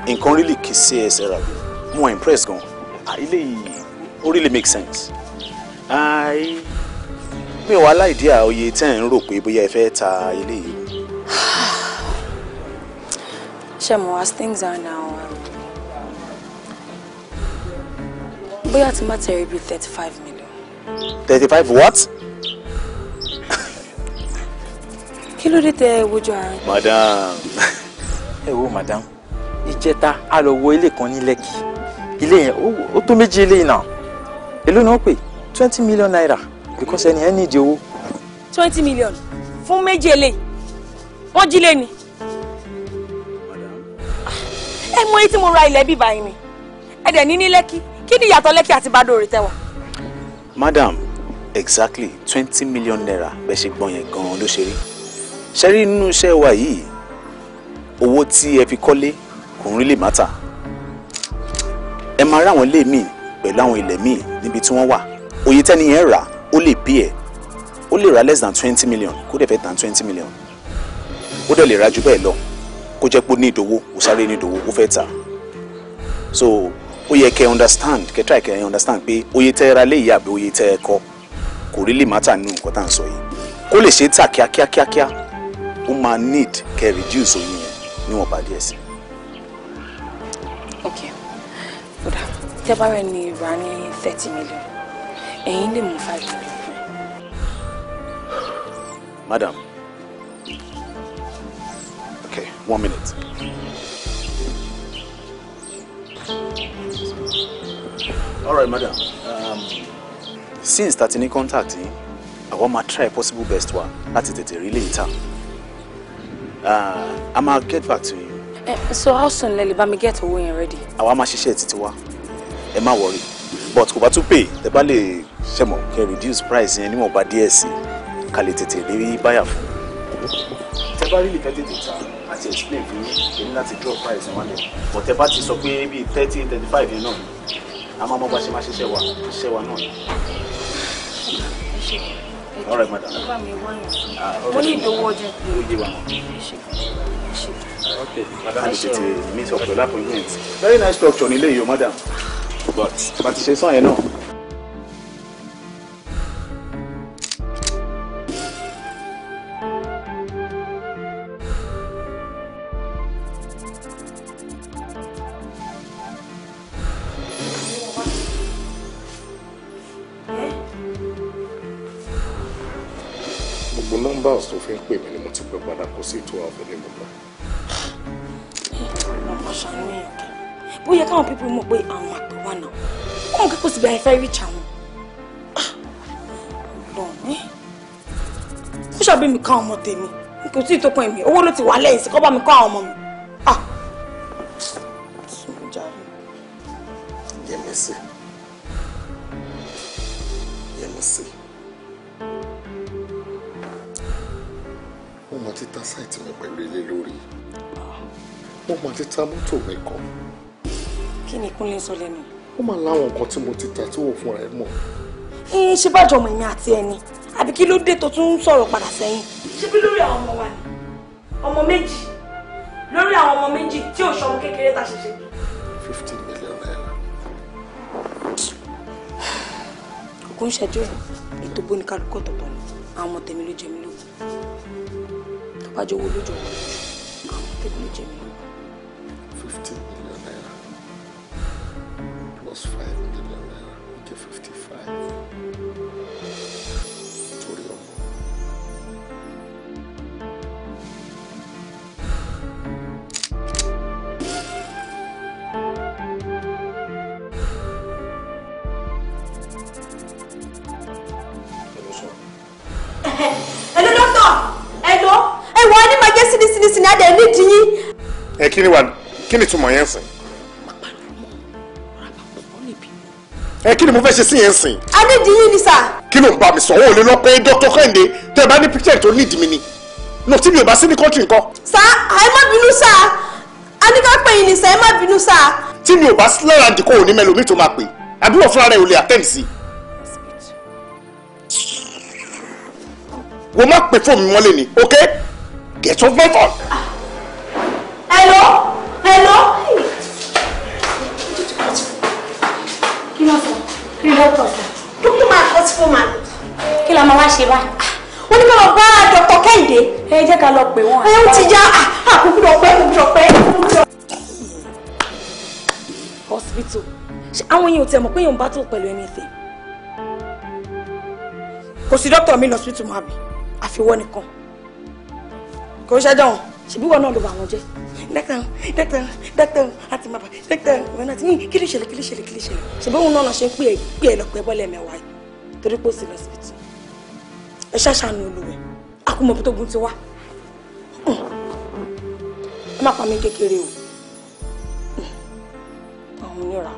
nǹkan really kì í ṣe impressed gan ah, ilé yìí really makes sense. I. Me, wá láìdí àòye tẹ́ ẹ̀ ń you pé bóyá ẹ fẹ́ ta ilé as things are now we um, tí to bá tẹ̀rí bíi thirty five million. thirty five what? kí ló dé tẹ wojú ara yín. madam ẹ wo madam ìjẹta a lọ wo ilé kan ní lẹ́kì ilé yẹn ó tó méjì ilé náà èló ni wọ́n pè twenty million naira because ẹni ẹ ní ìdí owó. twenty million fún méjì èlé wọ́n jí lé ni. ẹ mọ èyí tí mo ra ilẹ̀ bíbá yìí mi ẹ dẹ̀ ní ní lẹ́kì kí ni ìyàtọ̀ lẹ́kì àti bàdó rè tẹ́wà. madam exactly twenty million naira bẹ́ẹ̀ ṣe gbọ́n yẹn gan-an ló ṣe rí ṣẹ́rí nínú iṣẹ́ wa yìí owó tí ẹ fi kọ́lé kò ń rí lè mátà ẹ máa ráwọn ilé míì pẹ̀lú àwọn ilẹ̀ míì níbi tí wọ́n wà òye tẹ́ni yẹn rà ó lè bí ẹ̀ ó lè ra less than twenty million kó dẹ̀ fẹ́ than twenty million ó dẹ̀ lè ra jù bẹ́ẹ̀ lọ kó jẹ́ pé ó ní ìdòwò ó sáré ní ìdòwò ó fẹ́ tà so ó yẹ kẹ́ understand kẹ́ try kẹ́ understand pé òye tẹ́ ra lé yìí àbí òye tẹ́ kọ́ kò rí lè mátà nínú nǹkan tá à ń sọ yìí kó lè ṣe é tà kíákíákíá ó máa need kẹ́ reduce oyin yẹn níwọ̀n bá díẹ̀ sí. ok kódà tẹ́ bá rẹ̀ ní ìgbà ní thirty million ẹ̀yin lè mú five million madam okay one minute. all right madam um, since tá ti ní contact yìí àwọn máa try possible best wa láti tètè rí lè ta. Uh, I'm a get back to you. Uh, so how soon lẹ But me get away yẹn ready. àwa máa ṣiṣẹ́ to wa Am I worry but kò bá tún pè tẹ bá lè ṣẹmọ reduce price anymore níwọ̀nba DSC. Quality they buy tètè The Bali fún. tẹ bá rí ìfẹ́ tètè ta àti explain fún yín drop price wọn lẹ but the bá ti sọ pé bíi thirty thirty five yẹn náà a máa mọ bá ṣe máa ṣiṣẹ́ wa ṣiṣẹ́ wa ọ̀rọ̀ ẹ̀ mọ̀dà. mo ní ìdówó ọjọ́. ó yé wa mọ̀. ok madam ti ti meet up pẹ̀lú appointment very nice structure nílé yìí o madam ah. but bàtí ṣe sàn yẹn náà. ṣe ń pè mí ni mo ti pẹ́ padà kò sí two hours ní gbogbo. ọmọ ṣàánú èèyàn kẹ bóyá káwọn pípé mọ̀ pé àwọn àpè wà náà wọn kò kó síbi àìfẹ́ rí ìjà wọn. ó ṣàbí mi ká ọmọ tèmi n kò tí ì tó pọn èmi owó ló ti wà lẹ́yìn sí kọ́ bá mi kọ́ àwọn ọmọ mi. mo mà ti ta mọ́tò mi kan. kí ni kúnlẹ̀ sọ lẹ́nu. ó máa láwọn nǹkan tí mo ti ta tí wò fúnra ẹ mọ̀. ẹ ṣe bá jọmọ èmi àti ẹni àbí kí ló dé tó tún sọ̀rọ̀ padà sẹ́yìn. ṣé bí lórí àwọn ọmọ wa ni ọmọ méjì lórí àwọn ọmọ méjì tí ò ṣọmọ kékeré ta ṣẹ̀ṣẹ̀ bí. fifteen million naira. kò ń ṣẹjú ètò bóníkálukú ọ̀tọ̀ọ̀tọ̀ ni àwọn ọmọ tèmi ló jẹ mí lógún tó bá jọ àwọn ọmọ ló jẹ mí lógún fifty million naira plus five million naira ó jẹ́ Hello, doctor. Hello. Ẹ wọ ní máa jẹ́ sídìsídìsí ní adẹ̀ nídìí yín. Ẹ kí ni wà ní kí ni túmọ̀ yẹn sìn. ẹ kí ni mo fẹ́ ṣe sí yẹn sìn. adédìyí ni sà. kí ló ń bá mi sọ òun ò lè lọ pé dr kẹ́hìndé tẹ́ bá ní píkítẹ̀ tó nídìí mi ni no tí mi ò bá sí ní kọ́ńtì nǹkan. sa. ẹ má bínú sa. á ní ká pè yín ni sà ẹ má bínú sà. tí mi ò bá sí lára dìkọ́ òní mẹ́lòmí tó máa pè àbí wọ́n fúnra rẹ̀ ò lè àtẹ́ǹ sí. wọ́n má pè fóònù mi mọ́lẹ̀ ni ok get off my phone. hello. Hello? Kí ló sọ? Kí ló tọ̀ sọ? Dúkú máa kọ́ sí fún màá. Kí la máa wá ṣe báyìí? Ó ah, ní ká lọ bá Dr. Kẹ́hìndé. Ẹ jẹ́ ká lọ pè wọ́n. Ẹ ó ti já àkókò ah, ah, ọ̀pẹ́ àkókò ọ̀pẹ́. Hospital. Ṣé àwọn èèyàn ò tiẹ̀ mọ̀ pé èèyàn ń battle pẹ̀lú anything? Kò sí dókítà mi lọ hospital mọ́ àbí? Àfiwọ́ nìkan. Kò ṣẹ́jọ́ wọn ṣebí wọn náà ló bá wọn jẹ dẹtẹn dẹtẹn dẹtẹn àti bàbá dẹtẹn ìwé náà ti ní kí ló ṣẹlẹ̀ kí ló ṣẹlẹ̀ kí ló ṣẹlẹ̀ ṣebí òun náà ṣe ń pè é pè é lọpẹ bọlẹ mẹwàá torí pé ó sì lọ síbìtì ẹ ṣàṣàánú olùwẹ akúmọbi tó gun ti wá ẹ má pa mí kékeré o àwọn onírà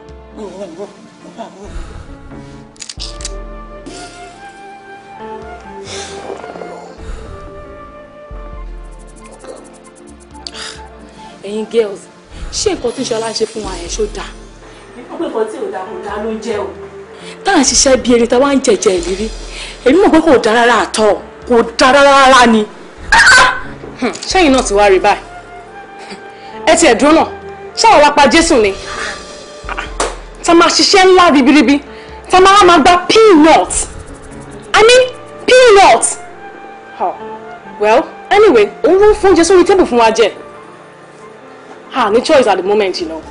Thank you. ẹ̀yin girls ṣé nǹkan tí Ṣọlá ṣe fún wa yẹn ṣó dáa. wípé nǹkan tí ò dáa kò dáa ló jẹ́ o. tá à ń ṣiṣẹ́ bí erin tá a wá ń jẹ̀jẹ̀ ìlérí èmi mọ̀ pé kò dáa rárá àtọ̀ kò dáa rárá rárá ni. Hmm, ṣẹ́yìn náà ti wá rí báyìí ẹ tiẹ̀ dúró náà ṣáà wàá pa Jésù ni tá a máa ṣiṣẹ́ ńlá ribiribi tá a máa máa gba peanut i mean peanut. Oh. well anyway òun ló ń fún oúnjẹ sórí tébù fún wa jẹ ah ní choice at the moment you know.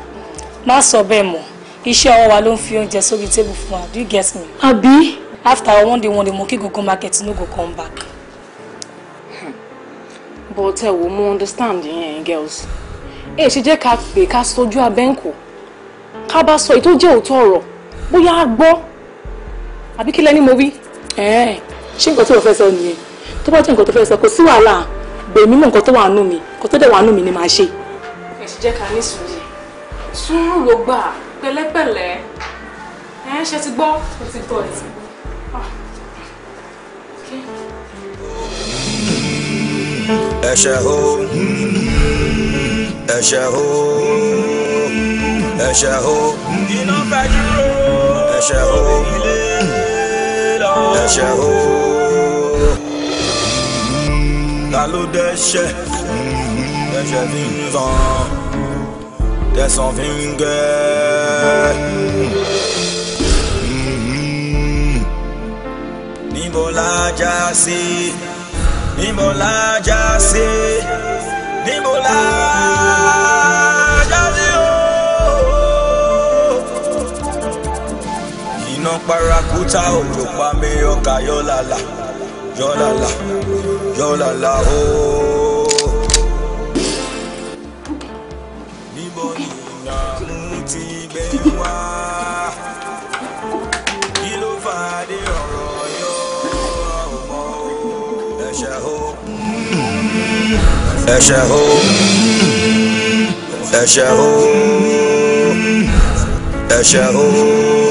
má sọ bẹ́ẹ̀ mọ́ iṣẹ́ ọwọ́ wa ló ń fi oúnjẹ sórí table fún wa do you get me. àbí. after one day one day mo kí go go market no go come back. Hmm. but ẹ eh, wo mo understand yẹn eh, girls ẹ ṣe jẹ́ ká pè ká sojú abẹ́ǹkò ká bá sọ èyí tó jẹ́ òótọ́ ọ̀rọ̀ bóyá a gbọ́ àbí kí lẹ́ni mo wí. Eh, ṣé nǹkan tí mo fẹ́ sọ nìyẹn tó bá jẹ́ nǹkan tó fẹ́ sọ kò sí wàhálà bèmí mọ̀ nǹkan tó wà nù mí nǹkan tó dẹ̀ wà nù mí ni màá ṣe ti jẹ́ ká ní sùúrù sùúrù ló gbà pẹ̀lẹ́pẹ̀lẹ́ ẹ ṣe ti gbọ́ ó ti tọ́ ẹ. Ah, ẹ̀ṣẹ̀ o ẹ̀ṣẹ̀ o ẹ̀ṣẹ̀ o iná fẹ́ dúró ẹ̀ṣẹ̀ o ẹ̀ṣẹ̀ o ta ló dẹ́ṣẹ̀ j'ai 20 ans, t'es sans vingue. Níbo la já sí, níbo la já sí, níbo la pa me o. Iná parakuta òjò la, mi la yọ̀làlà, yọ̀làlà, yọ̀làlà o. Oh. wá kí ló fà á dé ọ̀rọ̀ yọ ọmọ ẹ̀ṣẹ̀ o ẹ̀ṣẹ̀ o ẹ̀ṣẹ̀ o ẹ̀ṣẹ̀ o.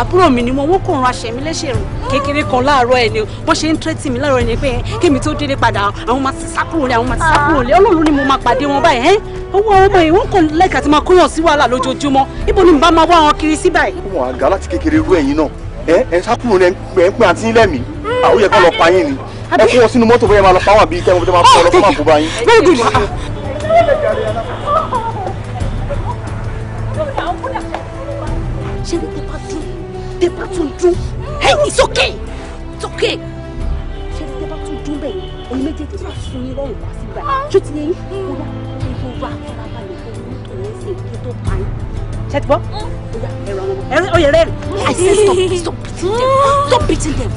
àbúrò mi ni wọn wọn kò ran aṣẹ mi léṣe kékeré kan láàárọ̀ ẹ ni wọn ṣe ń tẹ́tì mi láàárọ̀ ẹ ni pé kémi tó délé padà àwọn máa sá kúrò lé àwọn máa sá kúrò lé ọlọ́run ni mo máa pàdé wọn báyìí ẹ́ owó ọmọ yìí wọn kò lẹ́ka tí máa kóyàn sí wàhálà lójoojúmọ́ ibo ni bá máa wá wọn kiri sí báyìí. wọn àga láti kékeré irú ẹ̀yin náà ẹ ẹ sá kúrò lẹ ẹ ń pè àti ilẹ̀ mi àwọn yẹ lọ pa yín ni ẹ kó tẹ bá tún dún hey it's okay it's okay ṣe tẹ bá tún dún bẹ́ẹ̀ òun méjèèjì máa sun yín lọ́rùn ah. wá sígbà ṣó ti yẹ yín ọ̀rọ̀ ìlú wa farabalẹ̀ fún mi tó yẹn ṣe kí tó pa yín. ṣe ti bọ́ ọ̀yà mm. ẹ̀rọ àwọn ọmọ ẹ̀rọ ọ̀yà rẹ̀ I say stop stop beating them mm. stop beating them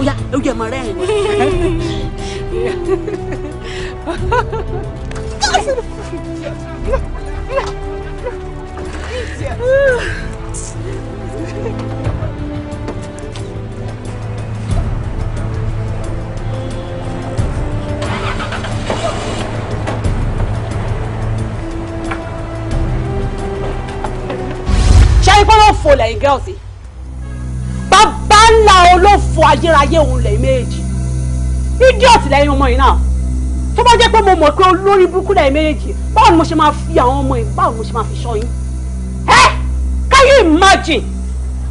ọ̀yà ojú ẹ̀ máa rẹ̀ ẹ̀rọ. Yeah. ikọ́ ló fò lẹ́yìn gẹ́ọ̀sì bàbá ńlá olófò ayérayé òun lẹ́yìn méjì idiot lẹ́yìn ọmọ yìí náà tó bá jẹ́ pé mo mọ̀ pé olórí burúkú lẹ́yìn méjì báwo ni mo ṣe máa fi àwọn ọmọ yìí báwo ni mo ṣe máa fi ṣọ́ yín ẹ can you imagine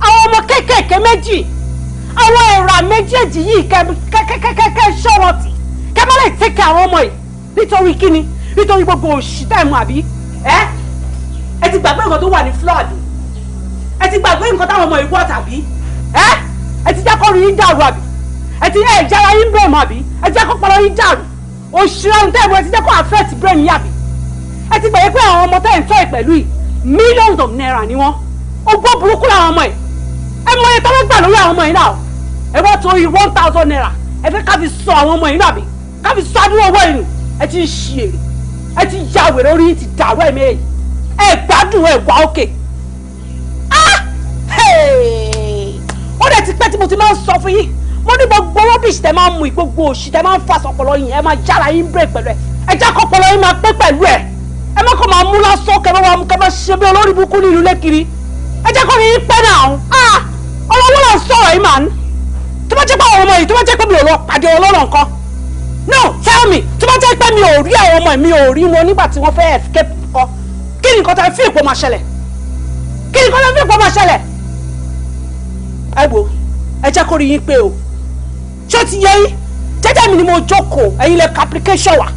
àwọn ọmọ kéékèèké méjì àwọn ẹ̀rà méjèèjì yìí kẹ́kẹ́kẹ́kẹ́ ṣọ́rọ̀ kẹ́ má lè tẹ́kẹ̀ àwọn ọmọ yìí nítorí kíni nítorí gbogbo òṣìṣẹ́ mu àbí ẹ ẹ ti gbàgbé nǹkan tó wà ní flood ẹ ti gbàgbé nǹkan táwọn ọmọ ìwọ tàbí ẹ ẹ ti jẹ́ kó rí yín dàrú àbí ẹ ti ẹ jẹ́ ara yín bẹ̀rù àbí ẹ jẹ́ kó pọ̀lọ́ yín dàrú òṣìṣẹ́ ohun tẹ́ ẹ mọ ẹ ti jẹ́ kó affect brain yín àbí ẹ ti gbàgbé pé àwọn ọmọ tẹ́ ẹ ń tọ́ ẹ pẹ̀lú yìí millions of naira ni wọ́n ogbó burúkú làwọn ọmọ yìí ẹ mọ iye tó wọ́n gbà lórí àwọn ọmọ yìí náà ẹ wá torí one thousand naira ẹ fẹ́ ká fi sọ àwọn ọmọ yìí náà àbí ká fi sọ àdúrà owó ìlú ẹ ti ń ṣe èrè ẹ ti ya wèrè orí ti dàrú ẹ̀mí èyí ẹ gbádùn ẹ wà ókè ó dẹ̀ ti pẹ́ tí mo ti máa ń sọ fún yín mo ní gbogbo rubbish tẹ máa ń mu gbogbo òṣì tẹ máa ń fa sọpọlọ yìí ẹ máa jára yín break pẹ̀lú ẹ ẹ já kọpọlọ yín máa pé pẹ̀lú ẹ ẹ má kọ́ máa mú lásán kẹ máa mú kẹ máa ṣe bí olórí burúkú ní ìlú lẹ́kiri ẹ jẹ́ kọ́ yín pẹ́ náà ah ọlọ́wọ́ là ń sọ̀rọ̀ yìí màá tó bá jẹ́ pé àwọn ọmọ yìí tó bá jẹ́ pé mi ò lọ pàdé ọlọ́rọ̀ nǹkan no tell me tó bá jẹ́ pé mi ò rí àwọn ọmọ mi ò rí wọn nígbà tí wọ́n fẹ́ escape kọ kí ni nǹkan tá a fi ìpò máa ṣẹlẹ̀ kí ni nǹkan tá a fi ìpò máa ṣẹlẹ̀ ẹ wo ẹ jẹ́ kó rí yín pé o ṣé ti yẹ yín jẹ́jẹ́ mi ni mo jókòó ẹ̀yin lẹ ka application wa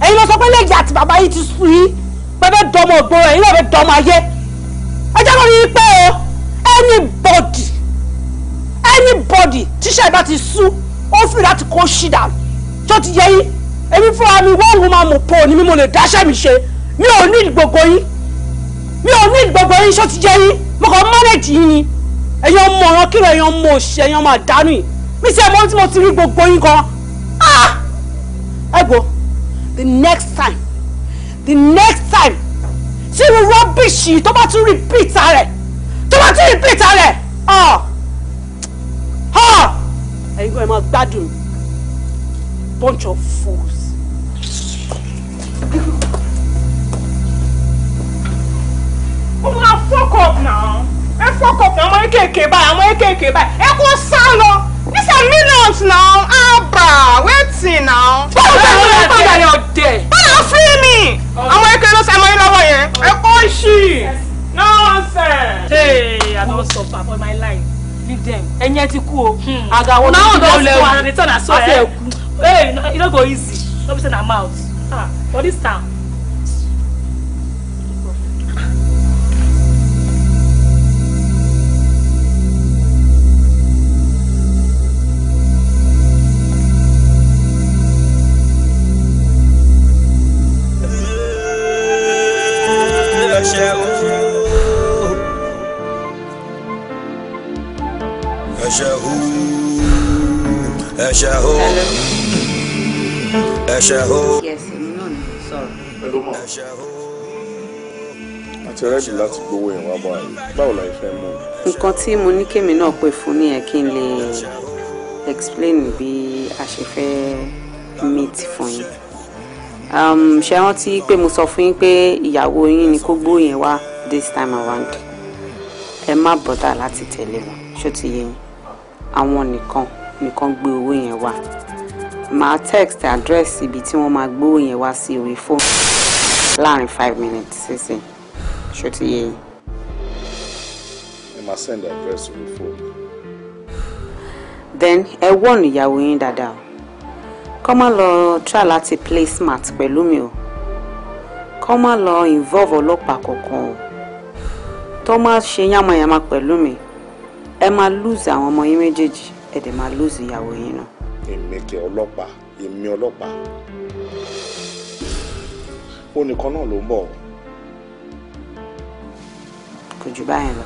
ẹ̀yin lọ sọ pé lẹ́yìn àti bàbá yìí ti sùn yín pẹ́pẹ́ dọmọ ògbó ẹ̀yin náà fẹ́ dọmọ ayé ẹ jẹ́ kó rí yín pé o anybody anybody tíṣà ìbá ti sú ó fi láti kó ṣì dànù ṣé ti yẹ yín èmi fúnra mi wọ́n ń mú po ni mi mo lè dáṣẹ́ mi ṣe mi ò ní gbogbo yín mi ò ní gbogbo yín ṣé ti yẹ yín mo kàn manage yín ni ẹ̀yin ọmọ ọ̀ràn kílọ̀ ẹ̀yin ọmọ òṣì ẹ̀yin ọmọ àdánù yìí mi sí ẹ̀mọ́ tí mo ti rí gbogbo yín kan ah! ẹ gbọ́ the next time the next time tí irú rọ́bìṣì tó bá tún rí pìtà rẹ̀ tó bá tún rí pìtà rẹ̀ ah! Ah! ẹ̀yin kan ẹ̀ máa gbádùn bunch of fools. Oh, now fuck up now ẹ fọkàn fún àwọn kéékèèké báyìí àwọn kéékèèké báyìí ẹ kó sá lọ these are millions now abba wetin now. báwo ni wọ́n yóò padà yàn dẹ̀. báwo free me àwọn èké ló sẹ́mọ́ yín lọ́wọ́ yẹn ẹ kó ṣì nonsense. hey i don suffer for my life leave them ẹyin ẹ ti kú o àga wọn ló ti dán lẹ́wọ̀n ọ̀sẹ̀ ẹ̀kú hey e no go easy no be say na mouth ah for this town. ẹ̀ṣẹ̀ o. ẹ̀ṣẹ̀ o. ẹ̀ṣẹ̀ o. ẹ̀ṣẹ̀ o. ẹ̀ṣẹ̀ o. àti rẹ́dì láti gbowó ìwọ̀n abọ́ àyè báwo la ìfẹ́ mú un. nǹkan tí mo ní kémi náà pè fún nìyẹn kí n lè explain bí a ṣe fẹ́ meet fún yín. Um, ṣe rántí pé mo sọ fún yín pé ìyàwó yín ni kó gbó wá this time around ẹ má bọ̀dà láti tẹ̀lé wọn ṣó ti yé yín àwọn nìkan nìkan gbé owó yẹn wá màá text address ibi tí wọ́n máa gbówó yẹn wá sí orí fóònù láàrin five minutes sísìn ṣó ti yé yín. ẹ máa send address orí fóònù. then ẹ wọ́n ìyàwó yín dáadáa o kọ́ má lọ try láti play smart pẹ̀lú mi o kọ́ lọ involve ọlọ́pàá kankan o tó má ṣe yánmayànmá pẹ̀lú mi ẹ máa lose àwọn ọmọ yín méjèèjì ẹ dẹ̀ máa lose ìyàwó yín náà. èmi kẹ ọlọ́pàá èmi ọlọ́pàá ó nìkan náà ló ń bọ̀. kò jù báyẹn lọ.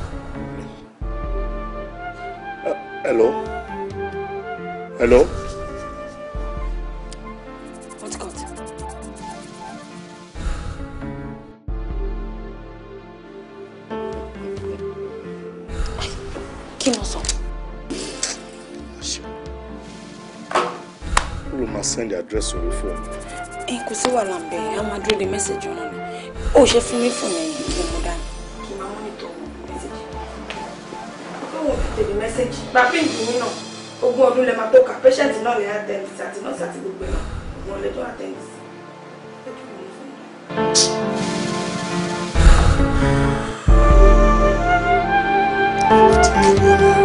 hello hello. mo sọ. ó ló máa send address to fóònù. ẹ kò sí wàhálà ń bẹ ẹ á máa dúró de mẹ́sẹ̀jì ọ̀nà ni ó ṣe fún mi fún ẹ̀yìn ìwé mo dá. tèmi mẹ́sẹ̀jì gba píǹkì yín náà ogún ọdún lè máa tó kà pẹ́ṣẹ̀ntì náà lè àtẹ̀ǹtì àti nọ́ọ̀sì àti gbogbo ẹ̀ náà ògùn ọ̀lẹ́dún Thank you.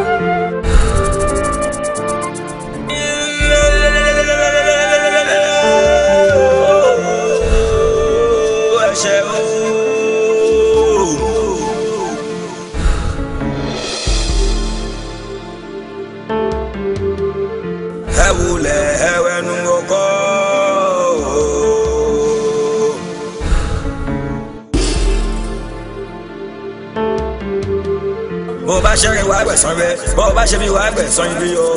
wàá gbẹ̀san rẹ bọ́ bá ṣe bí wàá gbẹ̀san ibi o.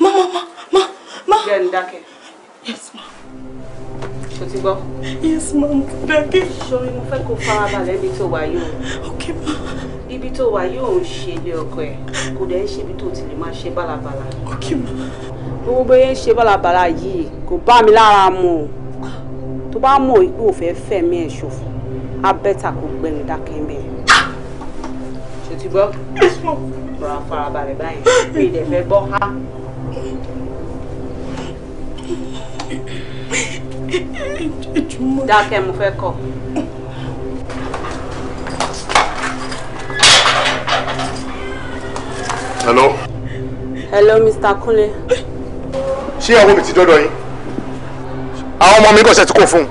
Mama, ma, ma. Jẹ́ Yes, ma. Ṣo ti gbọ́? Yes, ma'am. Daddy. Ṣorí mo fẹ́ kó farabalẹ̀ ibi tó wà yóò. Okay, ma. Ibi tó wà yóò ń ṣe ilé ọkọ ẹ̀. Kò dẹ̀ ń ṣe ibi tó ti lè máa ṣe bálabàla. Okay, ma. Gbogbo bóyá ń ṣe bálabàla yìí kò bá mi lára mu o. show bá mọ̀ ipò òfẹ́ fẹ̀mí ẹ̀ ṣòfò, á bẹ́tà kó gbẹ̀rẹ̀ Yes, ma'am. Rọra farabalẹ̀ báyìí. Mi ì dẹ̀ fẹ́ gbọ́ dákẹ́ mo fẹ́ kọ̀. hello. hello mr kunle. ṣé ìyàwó mi ti dọ́dọ̀ yín àwọn ọmọ mi kò ṣe ti kó fún un.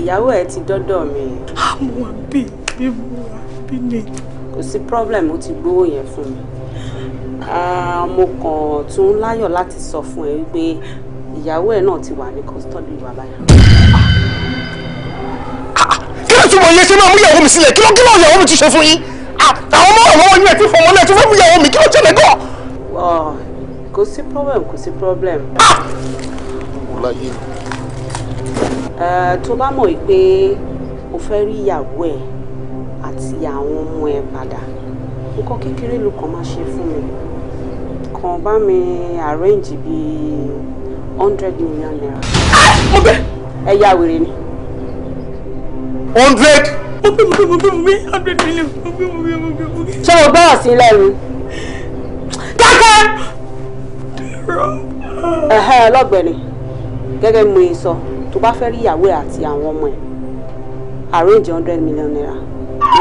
ìyàwó ẹ ti dọ́dọ̀ mi. mo wà bí bí mo wà bí ni. kò sí problem o ti gbowó yẹn fún mi mo kàn tún láyọ̀ láti sọ fún ẹ wípé ìyàwó ẹ̀ náà ti wà ní kọ́sítọ́dì ìwà báyìí. kí ló túbọ̀ yẹn ṣe máa mú ìyàwó mi sílẹ̀ kí ló kí ló ìyàwó mi ti ṣe fún yín ah, àwọn ọmọ ọ̀rọ̀ wọn yẹn ti fọwọ́ lẹ̀ tó fẹ́ mú ìyàwó mi kí ló ṣẹlẹ̀ gan. kò sí problem kò sí problem. Ah! tó bá mọ̀ pé o fẹ́ rí ìyàwó ẹ̀ àti àwọn ọmọ ẹ̀ padà nǹkan kékeré ló kàn máa ṣe fún mi kàn bá mi arrange bíi hundred million naira. Ah! mo bẹ. ẹ ya wèrè ni. hundred. mo bẹ mo bẹ mo bẹ mo bẹ hundred million mo bẹ mo bẹ mo bẹ mo bẹ. ṣé mo gbọ́dọ̀ sí lẹ́nu. dákẹ́. ẹ̀hẹ́ ọlọ́gbẹ̀ni gẹ́gẹ́ mo yìí sọ tó bá fẹ́ rí ìyàwó àti àwọn ọmọ ẹ̀ arrange hundred million naira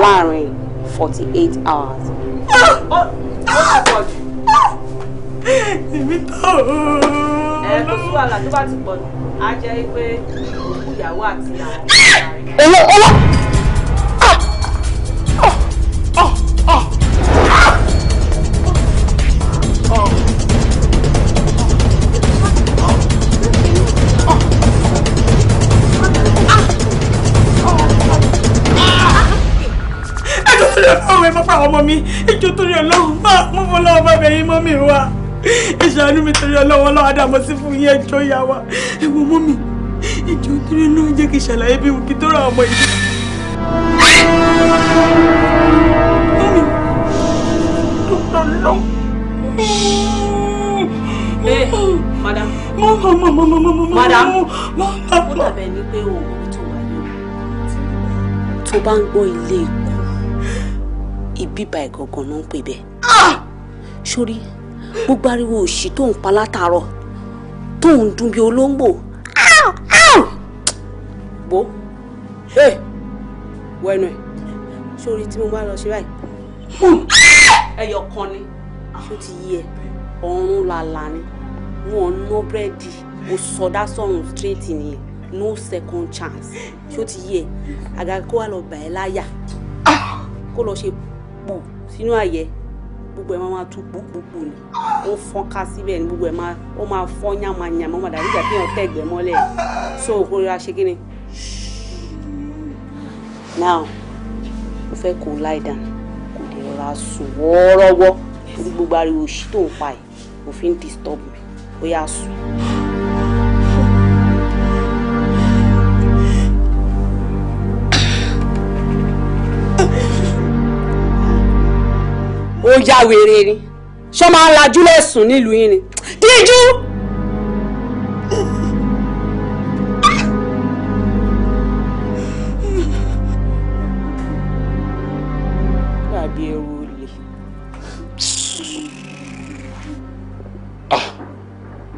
láàrin forty eight hours. ó ti pọ̀ jù. èmi tó o ẹ kó sùn àlà tó bá ti pọ̀ jù á jẹ́ pé òkú ìyàwó àti àwọn ọmọ rẹ̀. ọmọ mi ìjọ torí Ọlọ́run bá mú fún lọ́wọ́ bàbá yín mọ́ mi wá ẹ ṣàánú mi torí ọlọ́wọ́ ọlọ́wọ́ àdàmọ́ sí fún yín ẹjọ́ ìyá wa ẹ wo mọ́ mi ìjọ torí náà jẹ́ kí ṣàlàyé bí wùkí tó ra ọmọ ìdí. mọ́mi tó lọ lọ. bẹ́ẹ̀ madam. mọ́ mọ́ mọ́ mọ́ mọ́ mọ́ mọ́. madam ó dàbẹ̀ ni pé o ò tó wà ní o tó bá ń gbọ́ ilé ikú ìbíbà ìgangan ló ń pè bẹ́ẹ̀. Ah! sórí gbogbo ariwo òṣì tó ń pa látàárọ̀ tó ń dún bí olóńgbò bó wẹnu ẹ sórí tí mo bá lọ sí báyìí hmm. ẹyọ kan ni ṣó ti yí ẹ ọrùn làlà ni wọn ná búrẹ́dì o sọdá sọrùn straight nìyẹn no second chance ṣó ti yí ẹ àgàkọ́ wa lọ bà ẹ́ láyà ah! kó lọ ṣe pò sínú àyẹ̀ gbogbo ẹ máa tú gbogbo ni ó fọ́n ká síbẹ̀ ni gbogbo ẹ máa ó máa fọ́n yàmàyàmà ọmọdé àbí ìgbà tí èèyàn tẹ̀gbẹ́ mọ́lẹ̀ so òkúrera ṣe kí ni. now mo fẹ́ kó lie down kò lè rọra sùn wọ́ọ́rọ́wọ́ torí gbogbo ariwo ṣí tó ń pa ẹ̀ òfin disturb mi ó yá sùn. ó ya wèrè ni ṣọ́ máa ń lajú lẹ́sùn nílùú yín díjú. dàbí ewu ah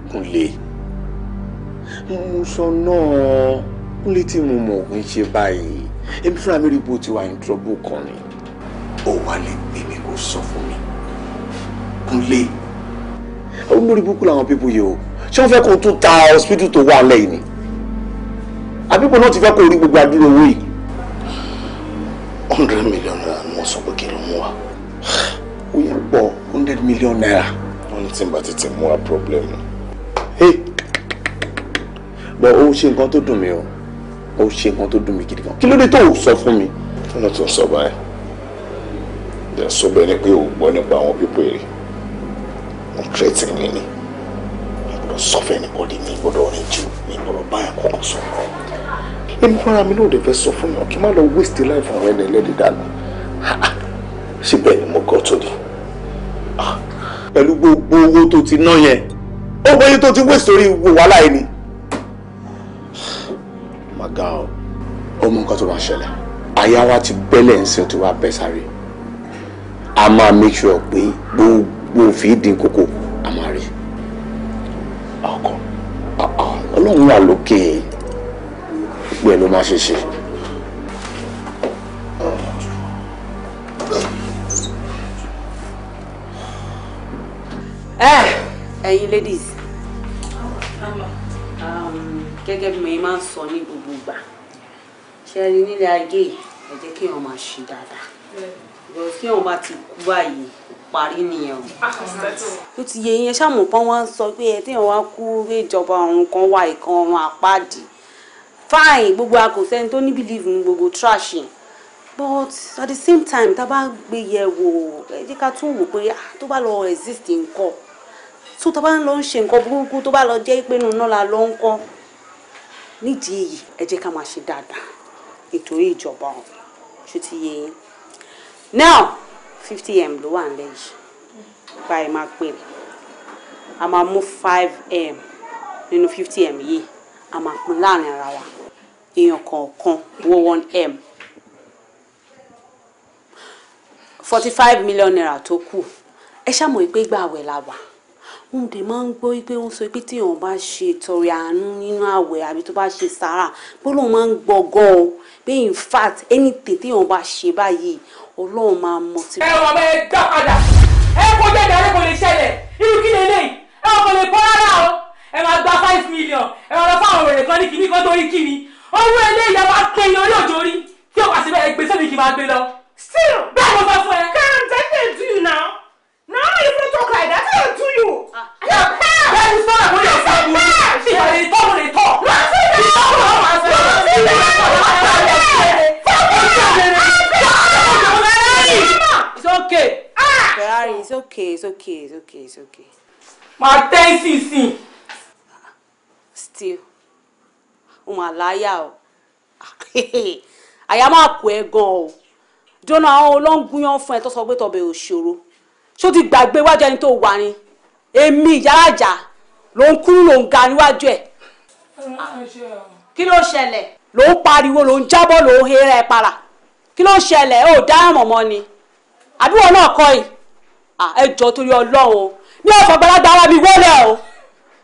Kúnlé mo sọ náà tí mo mọ̀ ń ṣe báyìí èmi fúnra mi rí bó ti wà ní trọ́bù kan ni ó wà Kúnlé olórí burúkú làwọn pípọ̀ yìí o ṣé wọ́n fẹ́ kó tún ta hospital tó wà lẹ́yìn ni àbíkò náà ti fẹ́ kó rí gbogbo àdúrà owó yìí. hundred million naira ni wọ́n sọ pé kí ló mú wa. ó yẹ pọ̀ hundred million naira. wọ́n ní tí n mú wa problem bọ̀ ó ṣe nǹkan tó dùn mí o ó ṣe nǹkan tó dùn mí gidi gan kí ló dé tó sọ fún mi. wọ́n náà sọ báyìí. jẹ́ sọ bẹ́ẹ̀ ni pé o gbọ́ nípa àwọn pípọ̀ èrè wọ́n tírẹ́tì mi ni mi suffer anybody. Me, ẹnìbọ́dì mi gbọ́dọ̀ rìn jù mi gbọ́dọ̀ báyà kọ́kọ́ sọ̀rọ̀ èmi fúnra mi náà ò dẹ̀ fẹ́ sọ fún yàn kí n má lọ waste life àwọn ẹni ẹlẹ́dẹ̀ dànù síbẹ̀ ni mo gọ́ tó ni you go go to ah. ti ná yẹn ó bóyá tó ti waste orí wàhálà ẹni. màgá o ọmọ nǹkan tó máa ṣẹlẹ̀ shell. I ti to balance sin tó wá bẹ́ sáré a máa make sure we. gbogbo wọn ò fi í dín kókó a máa rí ọkọ ọlọ́run wà lókè gbogbo ẹ̀ ló máa ṣe ṣe. Eh, ẹ̀yin ladies um, gẹ́gẹ́ bí mo yẹn máa ń sọ ní gbogbo ìgbà ṣe rí nílé ayé ẹ jẹ́ kí wọ́n máa ṣe dáadáa kí wọ́n bá ti kú báyìí parí nìyẹn. ó ti yẹ yẹn ṣáà mọ̀ pọ́n wá sọ pé ẹ téèyàn wá kú pé ìjọba ọ̀run kan wà ìkan ọ̀run àpáàdì fine gbogbo akọ̀sẹ́ni tó ní believe ní gbogbo trash but at the same time tá a bá gbé yẹ wò ẹ jẹ́ ká tún wò pé tó bá lọ exist nǹkan tó tó bá lọ ń ṣe nǹkan burúkú tó bá lọ jẹ́ pé nínú náà la lọ ń kọ́ nídìí èyí ẹ jẹ́ ká máa ṣe dáadáa nítorí ìjọba ọ̀hún ṣó ti yé yín now fifty m ló wà nílẹ̀ yìí báyìí máa pèrè a máa mú five m nínú fifty m yìí a máa pín láàrin ara wa èèyàn kọ̀ọ̀kan owó one m forty five million naira tó kù ẹ ṣàmọ̀ pé gbà àwẹ̀ la wà òun dè máa ń gbọ́ pé ó ń sọ pé tí èèyàn bá ṣe tọrẹ àánú nínú àwẹ̀ àbí tó bá ṣe sára bó lóun máa ń gbọ́ gan o pé in fact anything tí èèyàn bá ṣe báyìí ọlọ́run máa mọ ti. ẹ ọmọ ẹ gbà padà ẹ kó jẹ́ ìdarí kò lè ṣẹlẹ̀ irú kí lélẹ̀ ẹ ọkọ lè kọ́ rárá o ẹ máa gba five million ẹ máa lọ fáwọn òrèrè kan ní kíní kan torí kíni owó eléyìí máa pé iye orí òjò rí tí ó wà síbẹ̀ ẹ gbé sẹ́mi kì máa gbé lọ. still bẹ́ẹ̀ mo sọ fún ẹ. calm down dey do you now na how you fit talk like that dey do you. Ah, ah. bẹ́ẹ̀ ni sọ́nà kò lè sọ àbúrò ìtọ́ lè tọ́. lọ sí ìdájọ́ lọ sí ìdájọ́ okay. Ah! Ferrari, it's okay, it's okay, it's okay, it's okay. My tẹ́ ìsinsìn. Still, o a liar. o. I am a ẹ gan o. Jóná àwọn olóńgúnyán fún ẹ tó sọ pé tọbẹ̀ ò ṣòro. Ṣó ti gbàgbé iwájú ẹni tó wà ni? Èmi ìyáàjà ló ń kúrú ló ń ga níwájú ẹ̀. Kí ló ṣẹlẹ̀? Ló ń pariwo, ló ń jábọ̀, ló para. Kilo ló Oh damn, my money àbúrò náà kọ́ yìí ẹ jọ torí ọlọ́run o ní ọ̀fọ̀ gbalagbà ara mi wọlé o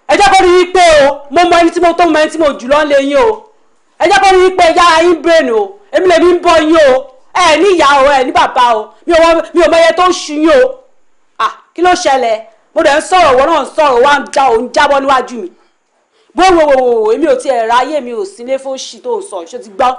ẹ jẹ́ kó rí i pé o mo mọ ẹni tí mo tó mọ ẹni tí mo jù lọ lé yín o ẹ jẹ́ kó rí i pé yára yín brain o èmi lèmi ń bọ yín o ẹ ní ìyá o ẹ ní bàbá o mi ò mọ iye tó ń ṣu yín o kí ló ṣẹlẹ̀ mo dẹ̀ ń sọ̀rọ̀ wọ́n náà ń sọ̀rọ̀ wá ń já òun jábọ́ níwájú mi bó wo wo wo èmi ò tiẹ̀ ráyè mi ò sílé fún ṣì tó ń sọ ṣó ti gbọ́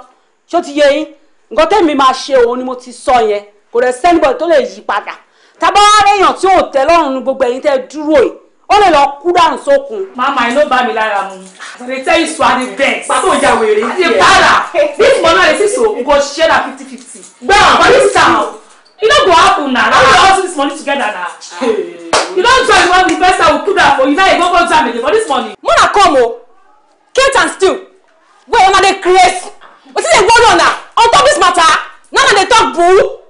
ṣó ti yé yín nǹkan tẹ́mi máa ṣe òun ni mo ti sọ yẹn kò rẹ̀ sẹ́nibọ̀ tó lè yí padà tábà wà lẹ́yìn tí ò tẹ́ lọ́rùn ní gbogbo ẹ̀yin tẹ́ dúró yìí ó lè lọ kú dáhùn sókun. mama ẹ ló bá mi lára mu àtàlẹ tẹ ìsọ àti bẹẹ pàtó ìjà wèrè àti ah, ìpara bí ìmọ̀ náà lè sísọ nǹkan ṣiṣẹ́ na fifty fifty. gbọ́n for this town you no go happen na How we all see this money together na. you don join one of the best i will put am for you now you go go jam again for this money. muna come o kate and stew wey una dey craze wetin dey go on na on top this matter now na dey talk boo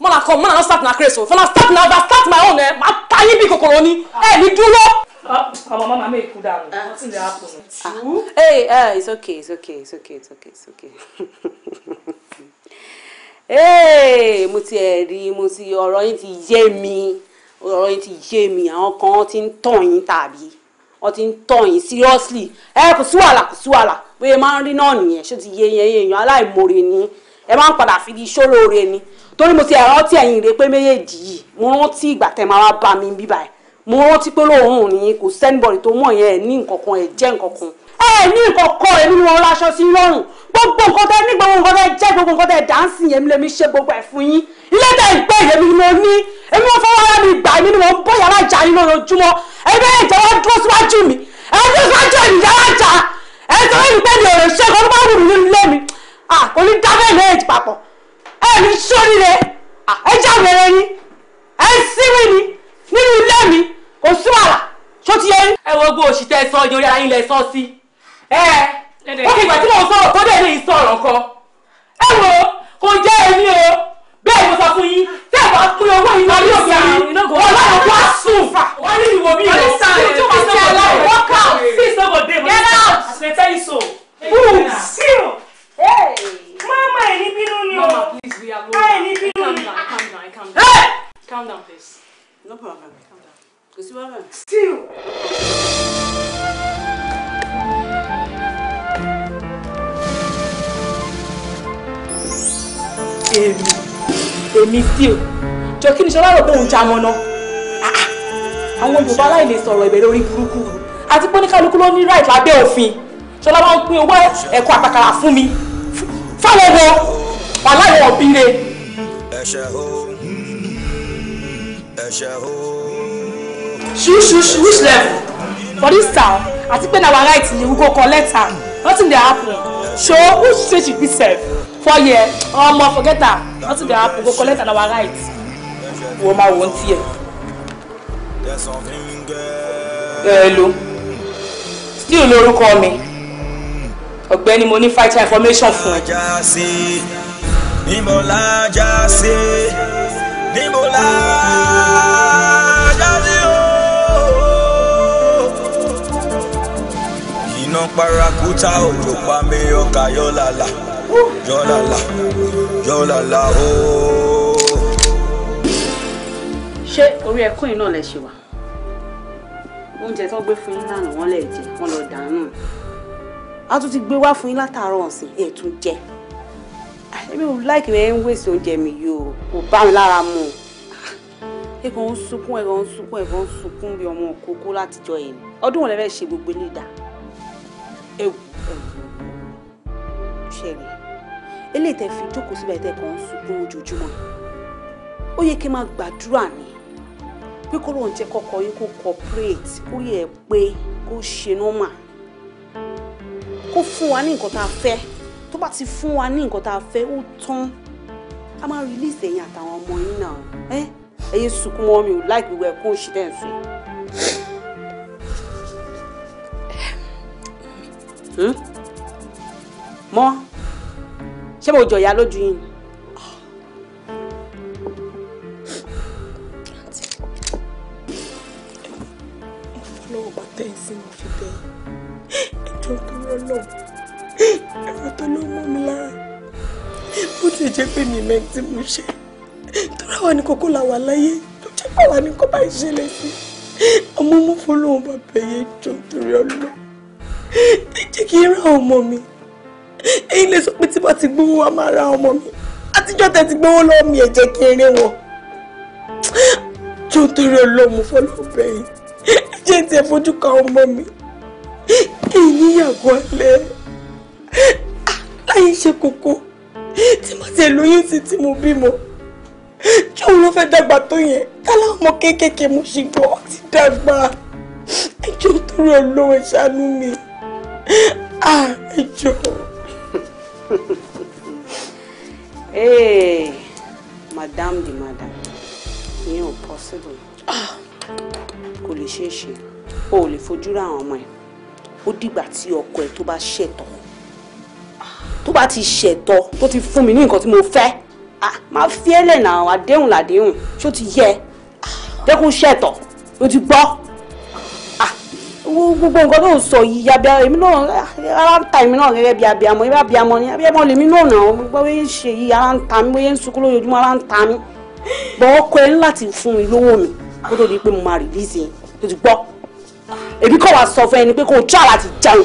mọ́nà kọ́ mọ́nà náà start na craze o fọ́nà start na over start my own ẹ̀ eh. máa ta yín bí kòkòrò ni ẹ̀ ah. ní eh, dúró. àwọn mama mi kú dànù wọ́n sì lè hapò. ee ee it's okay it's okay it's okay it's okay it's okay. ee eh, mo ti ẹ̀ rí mo ti ọ̀rọ̀ yín ti yé mi ọ̀rọ̀ yín ti yé mi àwọn kan ti ń tàn yín tàbí wọ́n ti ń tàn yín seriously ẹ kò sí wàhálà kò sí wàhálà bóyá máa ń rí náà nìyẹn ṣé ti yé yẹn èèyàn aláìmoore ni ẹ máa ń padà fi di ìṣòro rẹ ni torí mo ti rántí ẹ̀yìn rẹ pé méjèèjì yìí mo rántí ìgbà tẹ máa wá bá mi bíbá ẹ̀ mo rántí pé lóòrùn nìyí kò sẹ́nibọ̀rì tó mọ̀ yẹn ní nǹkankan ẹ̀ jẹ́ nǹkankan ẹ ní nǹkankan èmi ni mo láṣọ sí lọ́rùn gbogbo nǹkan tẹ ní gbogbo nǹkan tẹ jẹ́ gbogbo nǹkan tẹ dáǹsì yẹn mi lè mi ṣe gbogbo ẹ̀ fún yín ilé tẹ ìgbẹ́ èmi ni mo ní èmi mo fọwọ́ ara mi gbà èmi ni mo ń bọ̀ yàrá ìjà yín lójoojúmọ́ ẹgbẹ́ ìjà wa dúró síwájú mi ẹgbẹ́ síwájú ẹ̀mí yàrá ìjà ẹ̀ sọ ẹ ní sóríire ẹ jáwèrè ni ẹ síwì ni nínú ilé mi kò sí wàhálà tó ti yẹ rí. ẹ wo gbogbo òṣìṣẹ́ ẹ sọ ọ́ yorí ara yín lẹ sọ sí. ẹ ó kìgbà tí mo sọ̀rọ̀ tó dẹ̀ lè sọ̀rọ̀ kan. ẹ wo kò jẹ́ èmi o bẹ́ẹ̀ mo sọ fún yín tẹ́ ẹ bá pín owó yìí lórí òbí mi ọlọ́run wá sùn wọ́n ní ìwọ mi o títí wà sọ́kọ̀ dé work out six sọ́kọ̀ dé get out I tell you so. Hey. Mama, ẹ ní bínú ni Mama, please, we are low. Ẹ ní bínú ni. Calm down, calm down, calm down. Calm down, please. No problem. Calm down. Kò sí wàhálà. Still. Èmi, èmi still. Jọ kí ni Ṣọlá rò I want to mọ́ náà? Ah, ah. àwọn yorùbá láì lè sọ̀rọ̀ ìbẹ̀rẹ̀ orí burúkú àti pé oníkálukú ló ní right lábẹ́ òfin ṣọlá máa ń pín owó ẹ̀kọ́ àtàkàrà fún mi fáwọn ọmọ aláwọ̀ ọ̀bíire. ẹ̀ṣẹ̀ o ẹ̀ṣẹ̀ o. shoot shoot shoot which level for dis town àti pé na our right ni we go collect am nothing dey happen so who say she be sef four year ọmọ forget am nothing dey happen go collect na our right wo ma wo n tiẹ. ẹ lo still lórúkọ mi ọ̀gbẹ́ni mo ní vital information fún ẹ. níbo la já sí níbo la já sí ooo. iná parakuta òjò pa mi ọkà yọlala yọlala yọlala ooo. ṣé orí ẹkún yìí náà lè ṣe wá oúnjẹ tó gbé fún yín lánàá wọn lè jẹ wọn lọ dànù a tún ti gbé wá fún yín látàárọ̀ ọ̀sìn ẹ̀ tún jẹ ah, èmi ò láìkì rẹ̀ ń wèsì oúnjẹ mi yìí o kò bá mi lára mu o ah, ẹ̀kan ń sunkún ẹ̀kan ń sunkún ẹ̀kan ń sunkún bí ọmọ òkókó látijọ́ yìí ni ọdún wọn lẹ́fẹ́ ṣe gbogbo ilé dà ewu ewu ṣẹlẹ̀ eléyìí tẹ fi jókòó síbẹ̀ tẹ kàn ń sunkún ojoojúmọ́ ó yẹ kí n máa gbàdúrà ni pé kó lóun jẹ́ kọ́kọ́ yín kó cooperate kó yẹ pé kó ṣe normal kó fún wa ní nǹkan tá a fẹ́ tó bá ti fún wa ní nǹkan tá a fẹ́ ó tán a máa release ẹ̀yin àtàwọn ọmọ yín náà ẹ ẹ̀yin sunkún wọn mi ò láì gbígbẹ kó o ṣe dẹ́nsu. Hmm? mọ́ ṣé mo jọ̀ya lójú yín ni. náà ẹ̀rọ tó ló mọ́ mi lára bó ti jẹ́ pé mi mẹ́ tí mo ṣe torí àwa ní kókó la wà láyé tó jẹ́ pé àwa ní kó bá ìṣẹ̀lẹ̀ sí ọmọ mo fọlọ́hún bàbá yẹn jọ torí ọlọ́ ẹ jẹ́ kí n ra ọmọ mi ẹ̀yin lè sọ pé tí bá ti gbówó wa máa ra ọmọ mi àtijọ́ tẹ̀ ti gbówó lọ́wọ́ mi ẹ jẹ́ kí n rí wọn jọ torí ọlọ́ mo fọlọ́hún bẹ̀yìn ẹ jẹ́ ti ẹ fojú ka ọmọ mi ìyíyàwó alẹ́ ah, láyé ṣe kókó tí mo ti lóyún sí tí mo bímọ tí òun ló fẹ́ dàgbà tó yẹn kálá ọmọ kéékèèké mo ṣì gbọ́ ọ ti dàgbà ẹjọ́ tó rọ lọ́wọ́ ṣàánú mi ah, ẹjọ́. ee madam di madam ìyẹn ò possible ah. kò lè ṣeé ṣe o ò lè fojú àwọn ọmọ ẹ̀ ó dìgbà tí ọkọ ẹ tó bá ṣẹ̀tọ́ tó bá ti ṣẹ̀tọ́ tó ti fún mi ní nǹkan tí mo fẹ́ máa fi ẹ́ lẹ́nà àwọn àdéhùn làdéhùn ṣó ti yẹ jẹ́ kó ṣẹ̀tọ́ ló ti gbọ́ gbogbo nǹkan tó ń sọ yìí yabia èmi náà ara ń ta èmi náà gẹ́gẹ́ bí abiamọ ebi abiamọ ni abiamọ lèmi náà nà ọ́ gbọ́ bóyá ń ṣe yìí ara mi bóyá ń sunkún lójoojúmọ́ ara mi bọ́ ọkọ ẹ ní láti fún mi lówó mi kó tó di pé mo máa rìlíìsì tó ti gbọ́. Ebi kò wa sọ fún ẹni pé kò try láti jẹun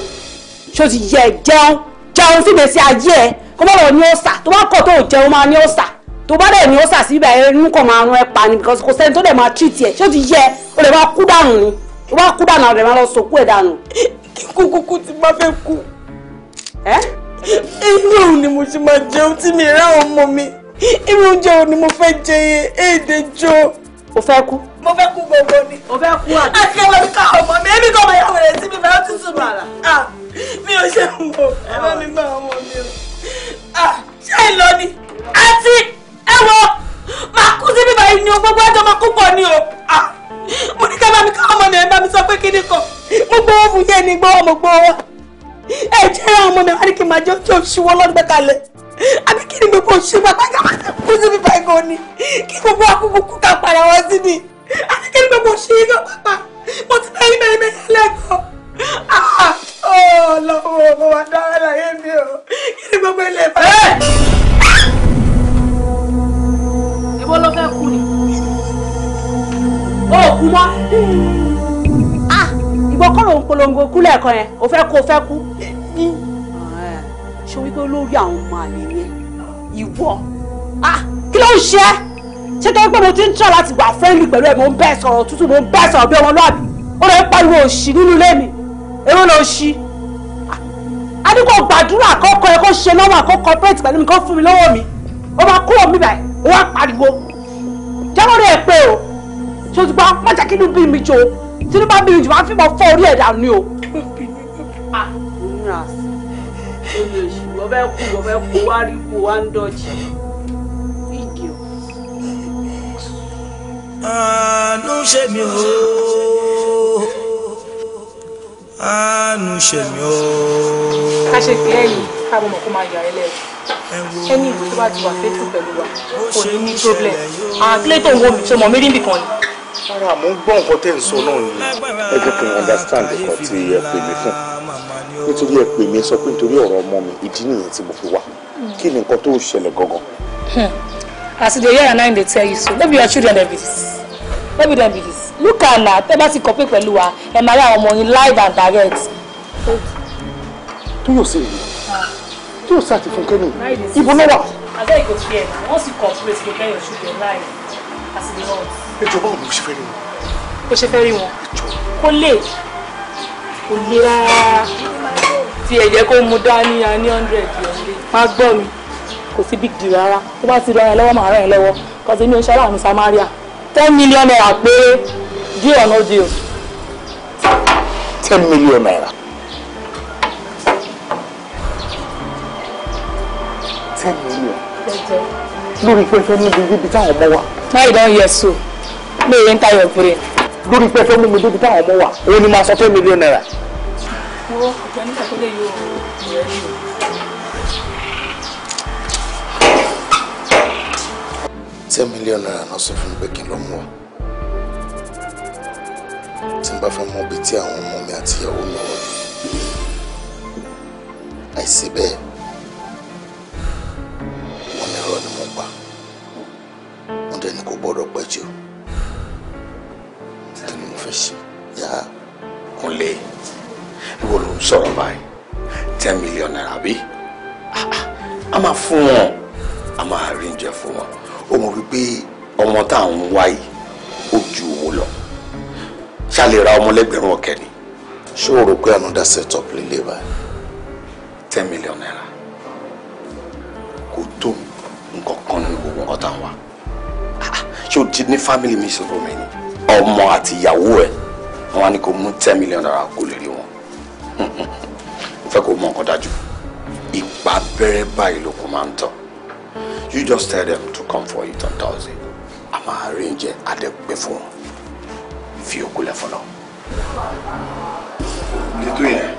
ṣó ti yẹ jẹun jẹun sígbèsí ayé ẹ kó bá lọ ní ọ̀sà tó bá kọ̀ tó jẹun máa ní ọ̀sà tó bá dẹ̀ ní ọ̀sà síbẹ̀ ẹnu kàn máa rún ẹ pa ni because kò sẹ́ni tó dẹ̀ máa treat ẹ ṣó ti yẹ o lè máa kú dànù ni tó bá kú dànù rẹ̀ máa lọ sòkú ẹ̀ dànù. kúkúkú ti máa fẹ́ kú. ẹ. inú òun ni mo ṣe máa jẹun tí mi rá ọmọ mi irú oúnjẹ òun ni mo fẹ́ jẹ mo fẹ́ kú gbogbo ni. o fẹ́ kú àgbẹ̀. àti kẹlẹ́ mi ká ọmọ mi èmi kọ́ ọmọ ìyàwó rẹ̀ sí mi fẹ́ ti sùn bàrà. mi ò ṣe wò ẹ bá mi gbà ọmọ mi o. ṣé ìlọ ni àti ẹ máa kú sí bíbá ni o gbogbo ẹjọ́ máa kú pọ̀ ni o. mo ní ká bá mi ká ọmọ mi ẹ bá mi sọ pé kíni kan mo gbowó fún yẹn ni gbowó mo gbowó. ẹ jẹ́ ọmọ mi wá kí n máa jẹ́ òṣìwọ́ lọ́dún kalẹ̀ àbí kí ni gbogbo òṣìwọ́ àgbàgbà kú sí bíbá yìí gan ni kí gbogbo akúkú ká para wá sí àti kí ni gbogbo ṣe é gan pápá mo ti bẹ́ẹ̀ bẹ́ẹ̀ bẹ́ẹ̀ lẹ́kọ̀ọ́ ah, oh, ọlọ́wọ́ mo wà dára láyé mi o kí ni gbogbo ilé ìfẹ́. èwo ló fẹ́ kú ni ó kú mọ́ ah, ìgbọ́ kọ́ ló ń polongo kú lẹ́ẹ̀kan yẹn ò fẹ́ kú ò fẹ́ kú ṣé wípé olórí àwọn ṣé tó ń pẹ́ mo ti ń tọ́ láti wà friendly pẹ̀lú ẹ̀ mo ń bẹ́ẹ̀ sọ̀rọ̀ tútù mo ń bẹ́ẹ̀ sọ̀rọ̀ bí ọmọlúwàbí ó lọ pariwo òṣì nínú ilé mi èrò lọ ṣí a ní kò gbàdúrà kọ́kọ́ ẹ kó ṣe lọ́wọ́ àkó corporate pẹ̀lú mi kó fún mi lọ́wọ́ mi ó máa kúrò mi báyìí ó wá pariwo jẹ́wọ́n rẹ̀ pé o tó ti gbọ́ má jẹ́ kí inú bí mi jò tínú bá bí mi jù máa fìbọn fọ́ orí ẹ̀ dànù ni o. ọbẹ̀ ah, kú ọbẹ̀ kú wá rí kú wá ń dọ̀jì. àánú ṣe mí o àánú ṣe mí o. ká ṣe fi ẹ̀yìn káàbọ̀ mọ̀ kó máa yà ẹ́ lẹ́yìn ẹni ìwé tó bá ti wà fẹ́tù pẹ̀lú wa kò ní ní problem àtúlẹ̀ tó ń wo mi tó mọ̀ mí rí nìkan ni. rárá mo ń gbọ́ nǹkan tẹ́ ń sọ náà ni ẹ jẹ́ kí n understand nǹkan tí ẹ pè mí fún nítorí ẹ pè mí sọ pé nítorí ọ̀rọ̀ ọmọ mi ìdí nìyẹn tí mo fi wá hmm. kí ni nǹkan tó ń ṣẹlẹ̀ gangan. Hmm as they dey hear and now they tell you so Maybe your children dem be this Maybe they dem be this look am na tẹ bá ti kọ pé pẹ̀lú wa ẹ máa live and direct. tó you ṣe èyí tó yóò ṣe àti fúnkẹ́ nù ibo náà wà. abẹ́ ìgò fi once you cooperate you go get your children live as e dey hot. ẹjọ báwo ló ṣe fẹ́ rí wọn. ó ṣe fẹ́ rí wọn kó lè kó lè a ní hundred yọ̀ lé má kò sí big deal rárá tó bá ti rọra lọ́wọ́ màá ràn yín lọ́wọ́ kọ́sí mi ò ṣe aláàánú samaria ten million naira péré deal or no deal. ten million naira. ten million. lórí pé fẹ́ mú mi débi táwọn ọmọ wa. now you don hear so no you enter your brain. lórí pé fẹ́ mú mi débi táwọn ọmọ wa òun ni màá sọ ten million naira. ten million naira náà so fún mi pé kí n lọ mú wa tí n bá fẹ́ mọ ibi tí àwọn ọmọ mi àti ìyàwó mi wọ̀ àìsí bẹ́ẹ̀ wọ́n ní irọ́ ni mo pa wọ́n dẹ̀ ní kò gbọ́dọ̀ pẹ́ jù kí ni mo fẹ́ ṣe yá Kúnlé ìwọ ló ń sọ̀rọ̀ báyìí ten million naira bí ah, ah, a máa fún wọn a máa rí oúnjẹ fún ó mọ̀ wípé ọmọ tá à ń wá yìí ó ju owó lọ ṣáàlè ra ọmọ ni. ṣé o rò pé another set up lílé báyìí. ten million naira kò tó nǹkan kan nínú gbogbo nǹkan tá à ń wá ah, ṣé o ti ní family mi sọ̀rọ̀ mi ni ọmọ àti ìyàwó ẹ̀ wọn ni kò mú ten million naira kó lè rí wọn mo fẹ́ kó mọ nǹkan dájú ìpa abẹ́rẹ́ báyìí ló kó máa ń tán you just tell them to come for it on Thursday a máa arrange àdẹ́gbẹ́ fún wọn fi òkú lẹ̀ fọlọ́. ètò yẹn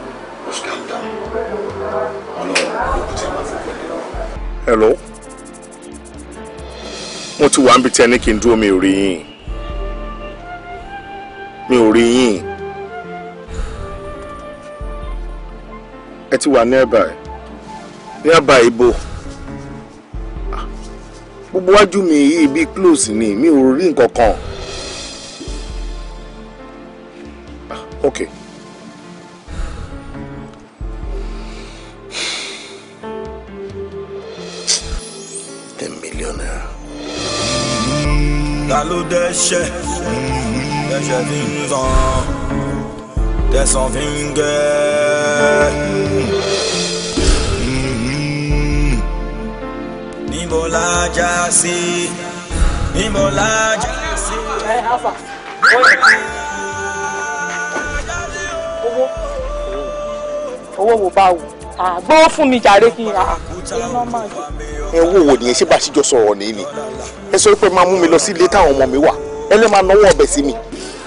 ó sì calm down hello mo ti wà níbi tí ẹni kì í dúró mi ò rí yín mi ò rí yín ẹ ti wà nearby nearby ibo gbogbo wájú mi yìí bíi close ni mi ò rí nǹkan kan. Ah, ok. ten million naira. ta ló dẹ́ṣẹ̀ dẹ́ṣẹ̀ fi ń tán tẹ̀sán fi ń gẹ́. níbo la já sí níbo la já sí. ẹ afa wọ́n yẹ owó owó wo bá wù àgbọ̀ fún mi jàre kí n ẹ wo wo nìyẹn ṣé bá a ṣe jọ sọ̀rọ̀ ní ni ẹ sọ pé máa mú mi lọ sí ilé táwọn ọmọ mi wà ẹ lè máa náwó ọbẹ̀ sí mi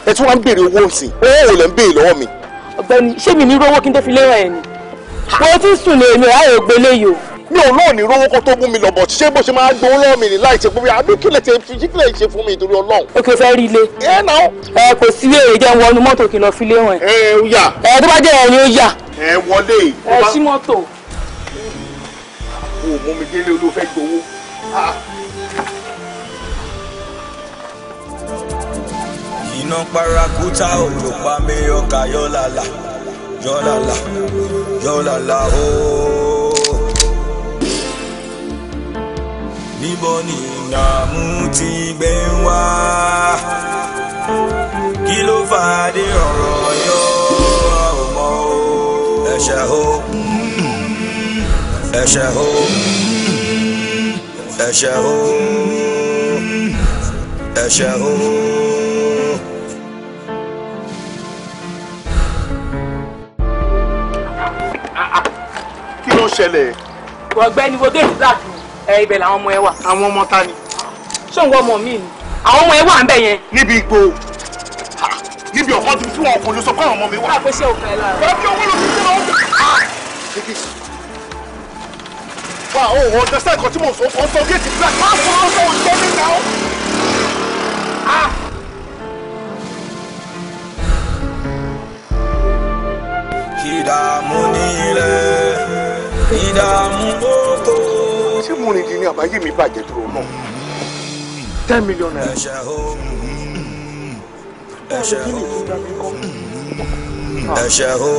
ẹ tún wá ń béèrè owó nsìn owó wo lẹ ń béèrè lọ́wọ́ mi. ọ̀gbẹ́ni ṣé mi ní rówó kí n tó fi lé rẹ̀ ni. mo ti sùn lè mi ráyè gbélé yìí o mi ò lóòní rówó kan tó gún mi lọ bọ̀ ṣé bó ṣe máa gbowó lọ́wọ́ mi ní láì ṣe fún mi àbí kí ṣe fi kí ṣe fún mi nítorí ọlọ́run. o kò fẹ́ rí ilé. ẹ nà ó. ẹ kò sí èrè jẹ́ wọnú mọ́tò kí n lọ fi wọn. ẹ ó yà. ẹ tó bá jẹ́ ẹ̀rín ó yà. ẹ wọlé. ẹ sí mọ́tò. o mú mi délé olú fẹ́ gbowó. iná parakuta òrùpa mi ọkà yọ̀làlà yọ̀làlà yọ̀làlà ooo. níbo ni ìdààmú ti gbé ń wá kí ló fà dé ọ̀rọ̀ yọ ọmọ o ẹ̀ṣẹ̀ o ẹ̀ṣẹ̀ o ẹ̀ṣẹ̀ o ẹ̀ṣẹ̀ o. kí ló ṣẹlẹ̀. ọ̀gbẹ́ni wo géètì láti ẹ ibẹ̀ làwọn ọmọ ẹ wà. àwọn ọmọ ta ni. ṣé òun wọ ọmọ mi ni. àwọn ọmọ ẹ wà ń yẹn. níbi ipò níbi ọkọ ti fún ọkọ ló sọ pé ọmọ mi wà. àpò iṣẹ́ òkè lára. wọ́n fi owó lọ sí fún ọ. wa o ò dẹ́sẹ̀ kan tí mo sọ sọ géètì fún ẹ. má fọ ọ́sọ̀ òjò mi náà. ìdààmú ní ìdààmú ó tó mú di ní àbáyé mi bàjẹ́ dúró náà ten million naira. ẹ̀ṣẹ̀ o ẹ̀ṣẹ̀ o. ẹ̀ṣẹ̀ o.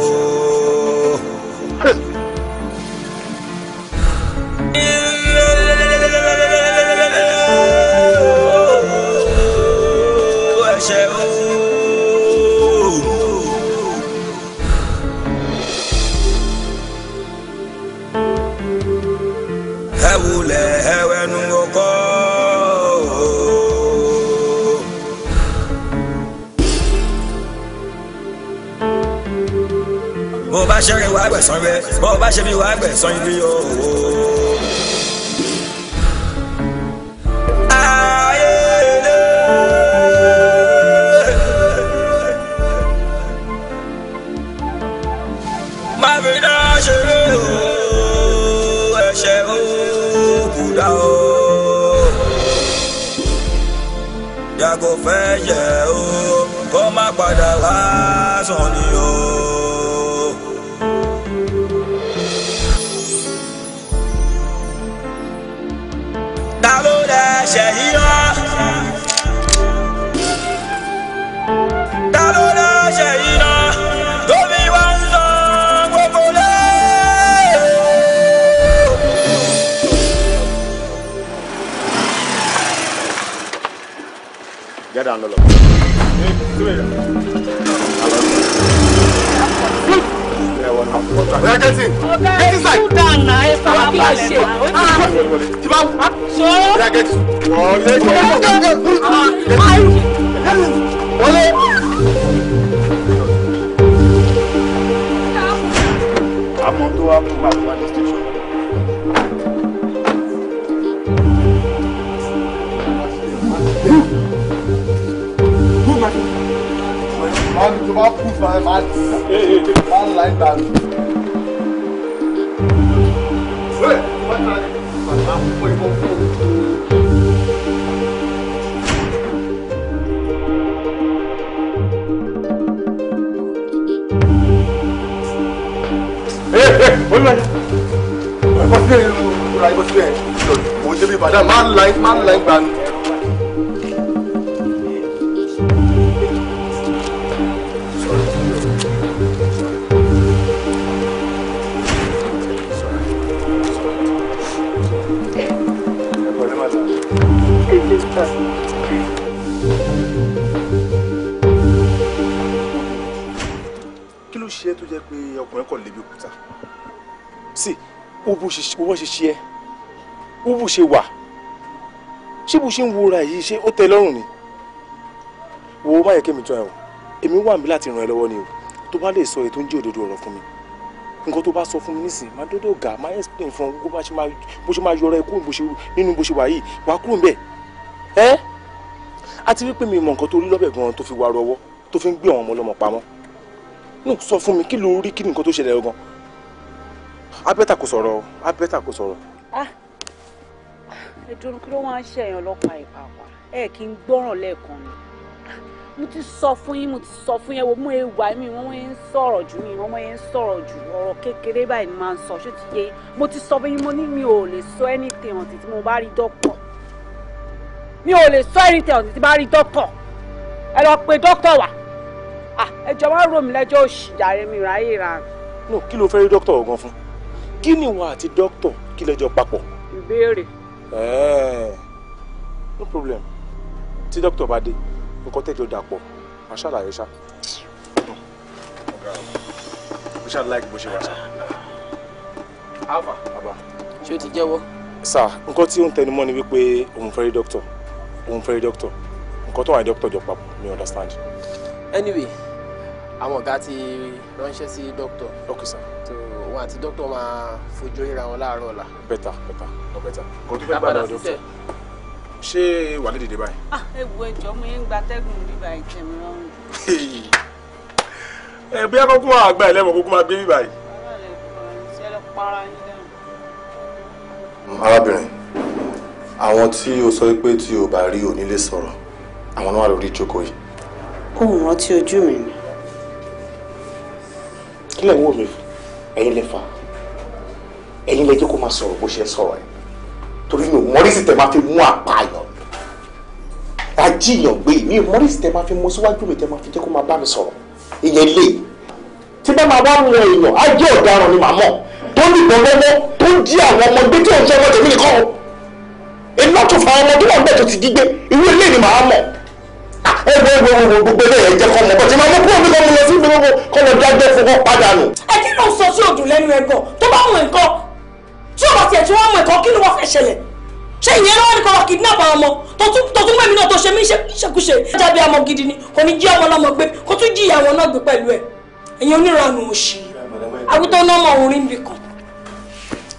ṣe rẹ̀ wá gbẹ̀san rẹ̀ bọ́ bá ṣe bí wá gbẹ̀san ilé ooo. Yàgò fẹ́ yẹ̀ o, kó má padà wá sàn ni o. ẹsẹ̀ yíyọ́. ta ló lẹ́sẹ̀ yíyọ́ tóbi wá ń lọ gbogbo lé. Get down, Lolo. Hey, come here. Hello. Get inside. Get inside. Tí bá àmọ́ tó wá mú bàbá ní station. Mami, tu vas pousser, ma mal. Mal là, il t'a dit. Ouais, ouais, ouais. olùwàjà ẹ̀kọ́ sílẹ̀ ìrora ẹ̀kọ́ sílẹ̀ ìṣòro òun ṣe bí ìbàdàn máa ń la máa ń la ìgbà ni. kí ló ṣe é tó jẹ́ pé ọkùnrin kò lébi òkúta wo bó ṣe wo bó ṣe ṣe ẹ wo bó ṣe wà ṣé bó ṣe ń wo ra yìí ṣé ó tẹ́ lọ́rùn ni wo má yẹ kémi tán ẹ o èmi wà mí láti ràn ẹ́ lọ́wọ́ ni o tó bá lè sọ èyí tó ń jẹ́ òdodo ọ̀rọ̀ fún mi nǹkan tó bá sọ fún mi nísìnyí máa dódò gà máa explain fún ọ bó ṣe máa yọra ẹ kúrò nínú bó ṣe wà yìí wàá kúrò ń bẹ̀ ẹ́ àti wípé mi mọ nǹkan tó rí lọ́bẹ̀ gan-an tó fi wá rọwọ́ tó fi ń gbé àwọn ọmọ ọlọ́mọ pamọ́ nù sọ fún mi kí ló rí kí nǹkan tó ṣẹlẹ̀ gan-an abẹ́tà kò sọ̀rọ̀ o abẹ́tà kò sọ̀rọ̀. Ah, ẹ̀dùn kí ló wá ń ṣe èèyàn lọ́pàá ìpàpà ẹ̀ kì í gbọ́ràn lẹ́ẹ̀kan ni mo ti sọ fún yín mo ti sọ fún yín wo mú ewa mi wọ́n wọ́n ń sọ̀rọ̀ jù mí wọ́n wọ́n ń sọ̀rọ̀ jù ọ̀rọ̀ kékeré báyìí ni máa ń sọ ṣó ti yé mo ti sọ fún yín mo ní mi ò lè sọ anything until tí mo bá rí dọ́kọ̀ mi ò lè sọ anything until tí bá rí dọ́kọ̀ ẹ lọ pe dọ́kítọ̀ wá ah, ẹ jọ wá rò mí lẹ́jọ́ òṣìyà rẹ̀ mi ráyè ra. kí ló fẹ́ rí dọ́kítọ̀ ọ̀gán fún kí ni wọn àti dókítà kí lẹjọ papọ̀. ìbéèrè. ẹẹ no problem tí dókítà bá dé nǹkan tẹjọ dàpọ̀ màá ṣàlàyé ṣá. ọ̀gá o ṣáà láì bó ṣe wà sá. alfa. baba. ṣé o ti jẹ́wọ́. sà nǹkan tí ó ń tẹnumọ́ ni wípé òun fẹ́ rí dókítà òun fẹ́ rí dókítà nǹkan tó wà ní dókítà jọ papọ̀ mi understand. anyway àwọn ọ̀gá ti ránṣẹ́ sí dókítà. Ok, sir òun àti dókítà máa fojú ríra wọn láàárọ̀ ọ̀la. bẹ́tà bẹ́tà lọ bẹ́tà kò tó fẹ́ gbà lọ dókítà ṣé wà ní dìde báyìí. Ah, ẹ wo ẹjọ́ mo ń gbatẹ́gùn bíbá ìtẹ̀mí rọrùn. ẹ bí akọkọ àgbà ẹlẹ́wọ̀n kókó máa gbé bíbá yìí. arábìnrin àwọn tí o sọ pé tí o bá rí onílé sọ̀rọ̀ àwọn náà wà lórí ìjókòó yìí. ohun rántí ojú mi ni. kí lè wò mí ẹ̀yin lẹ́fà ẹ̀yin lẹ́jẹ́ kó máa sọ̀rọ̀ bó ṣe sọ̀rọ̀ ẹ̀ torí mi ò mọ́rísì tẹ̀ máa fi mú àpààyàn ajíyàn gbé mi ò mọ́rísì tẹ̀ máa fi mú síwájú mi tẹ̀ máa fi jẹ́ kó máa bá mi sọ̀rọ̀ ìyẹn lè tí bá máa bá mú èèyàn á jẹ́ ọ̀daràn ni màá mọ̀ tó ní ìbọn lọ́wọ́ tó ń jí àwọn ọmọ gbé tí òun fẹ́ ọmọ tèmi nìkan o iná tó fa ọmọ tó wà ń bẹ̀ tó ti dígbé irú ilé ni màá mọ̀ ẹ gbọ́ gbọ́ gbogbo gbogbo ilé ẹ̀ jẹ́ kọ́ mọ̀ bọ́tí máa mú kúrò nípa mo lọ sí gbogbo kọ́ lọ dájọ́ fún padà nù. ẹ kí ló ń sọ sí òdù lẹ́nu ẹ̀gọ́ tó bá mú nǹkan tí ò bá tiẹ̀ tí wọ́n mú nǹkan kí ló wọ́n fẹ́ ṣẹlẹ̀ ṣé ìyẹn lọ́wọ́ ni kò wá kidnap ọmọ tó tún mẹ́mi náà tó ṣe mí ṣekúṣe jábí ọmọ gidi ni kò ní jí ọmọ lọ́mọ gbé kó tún jí ìyàwó náà gbé pẹ̀lú ẹ̀ ẹ̀yin oníranù òṣì àwùjọ náà mọ̀ orí nbìkan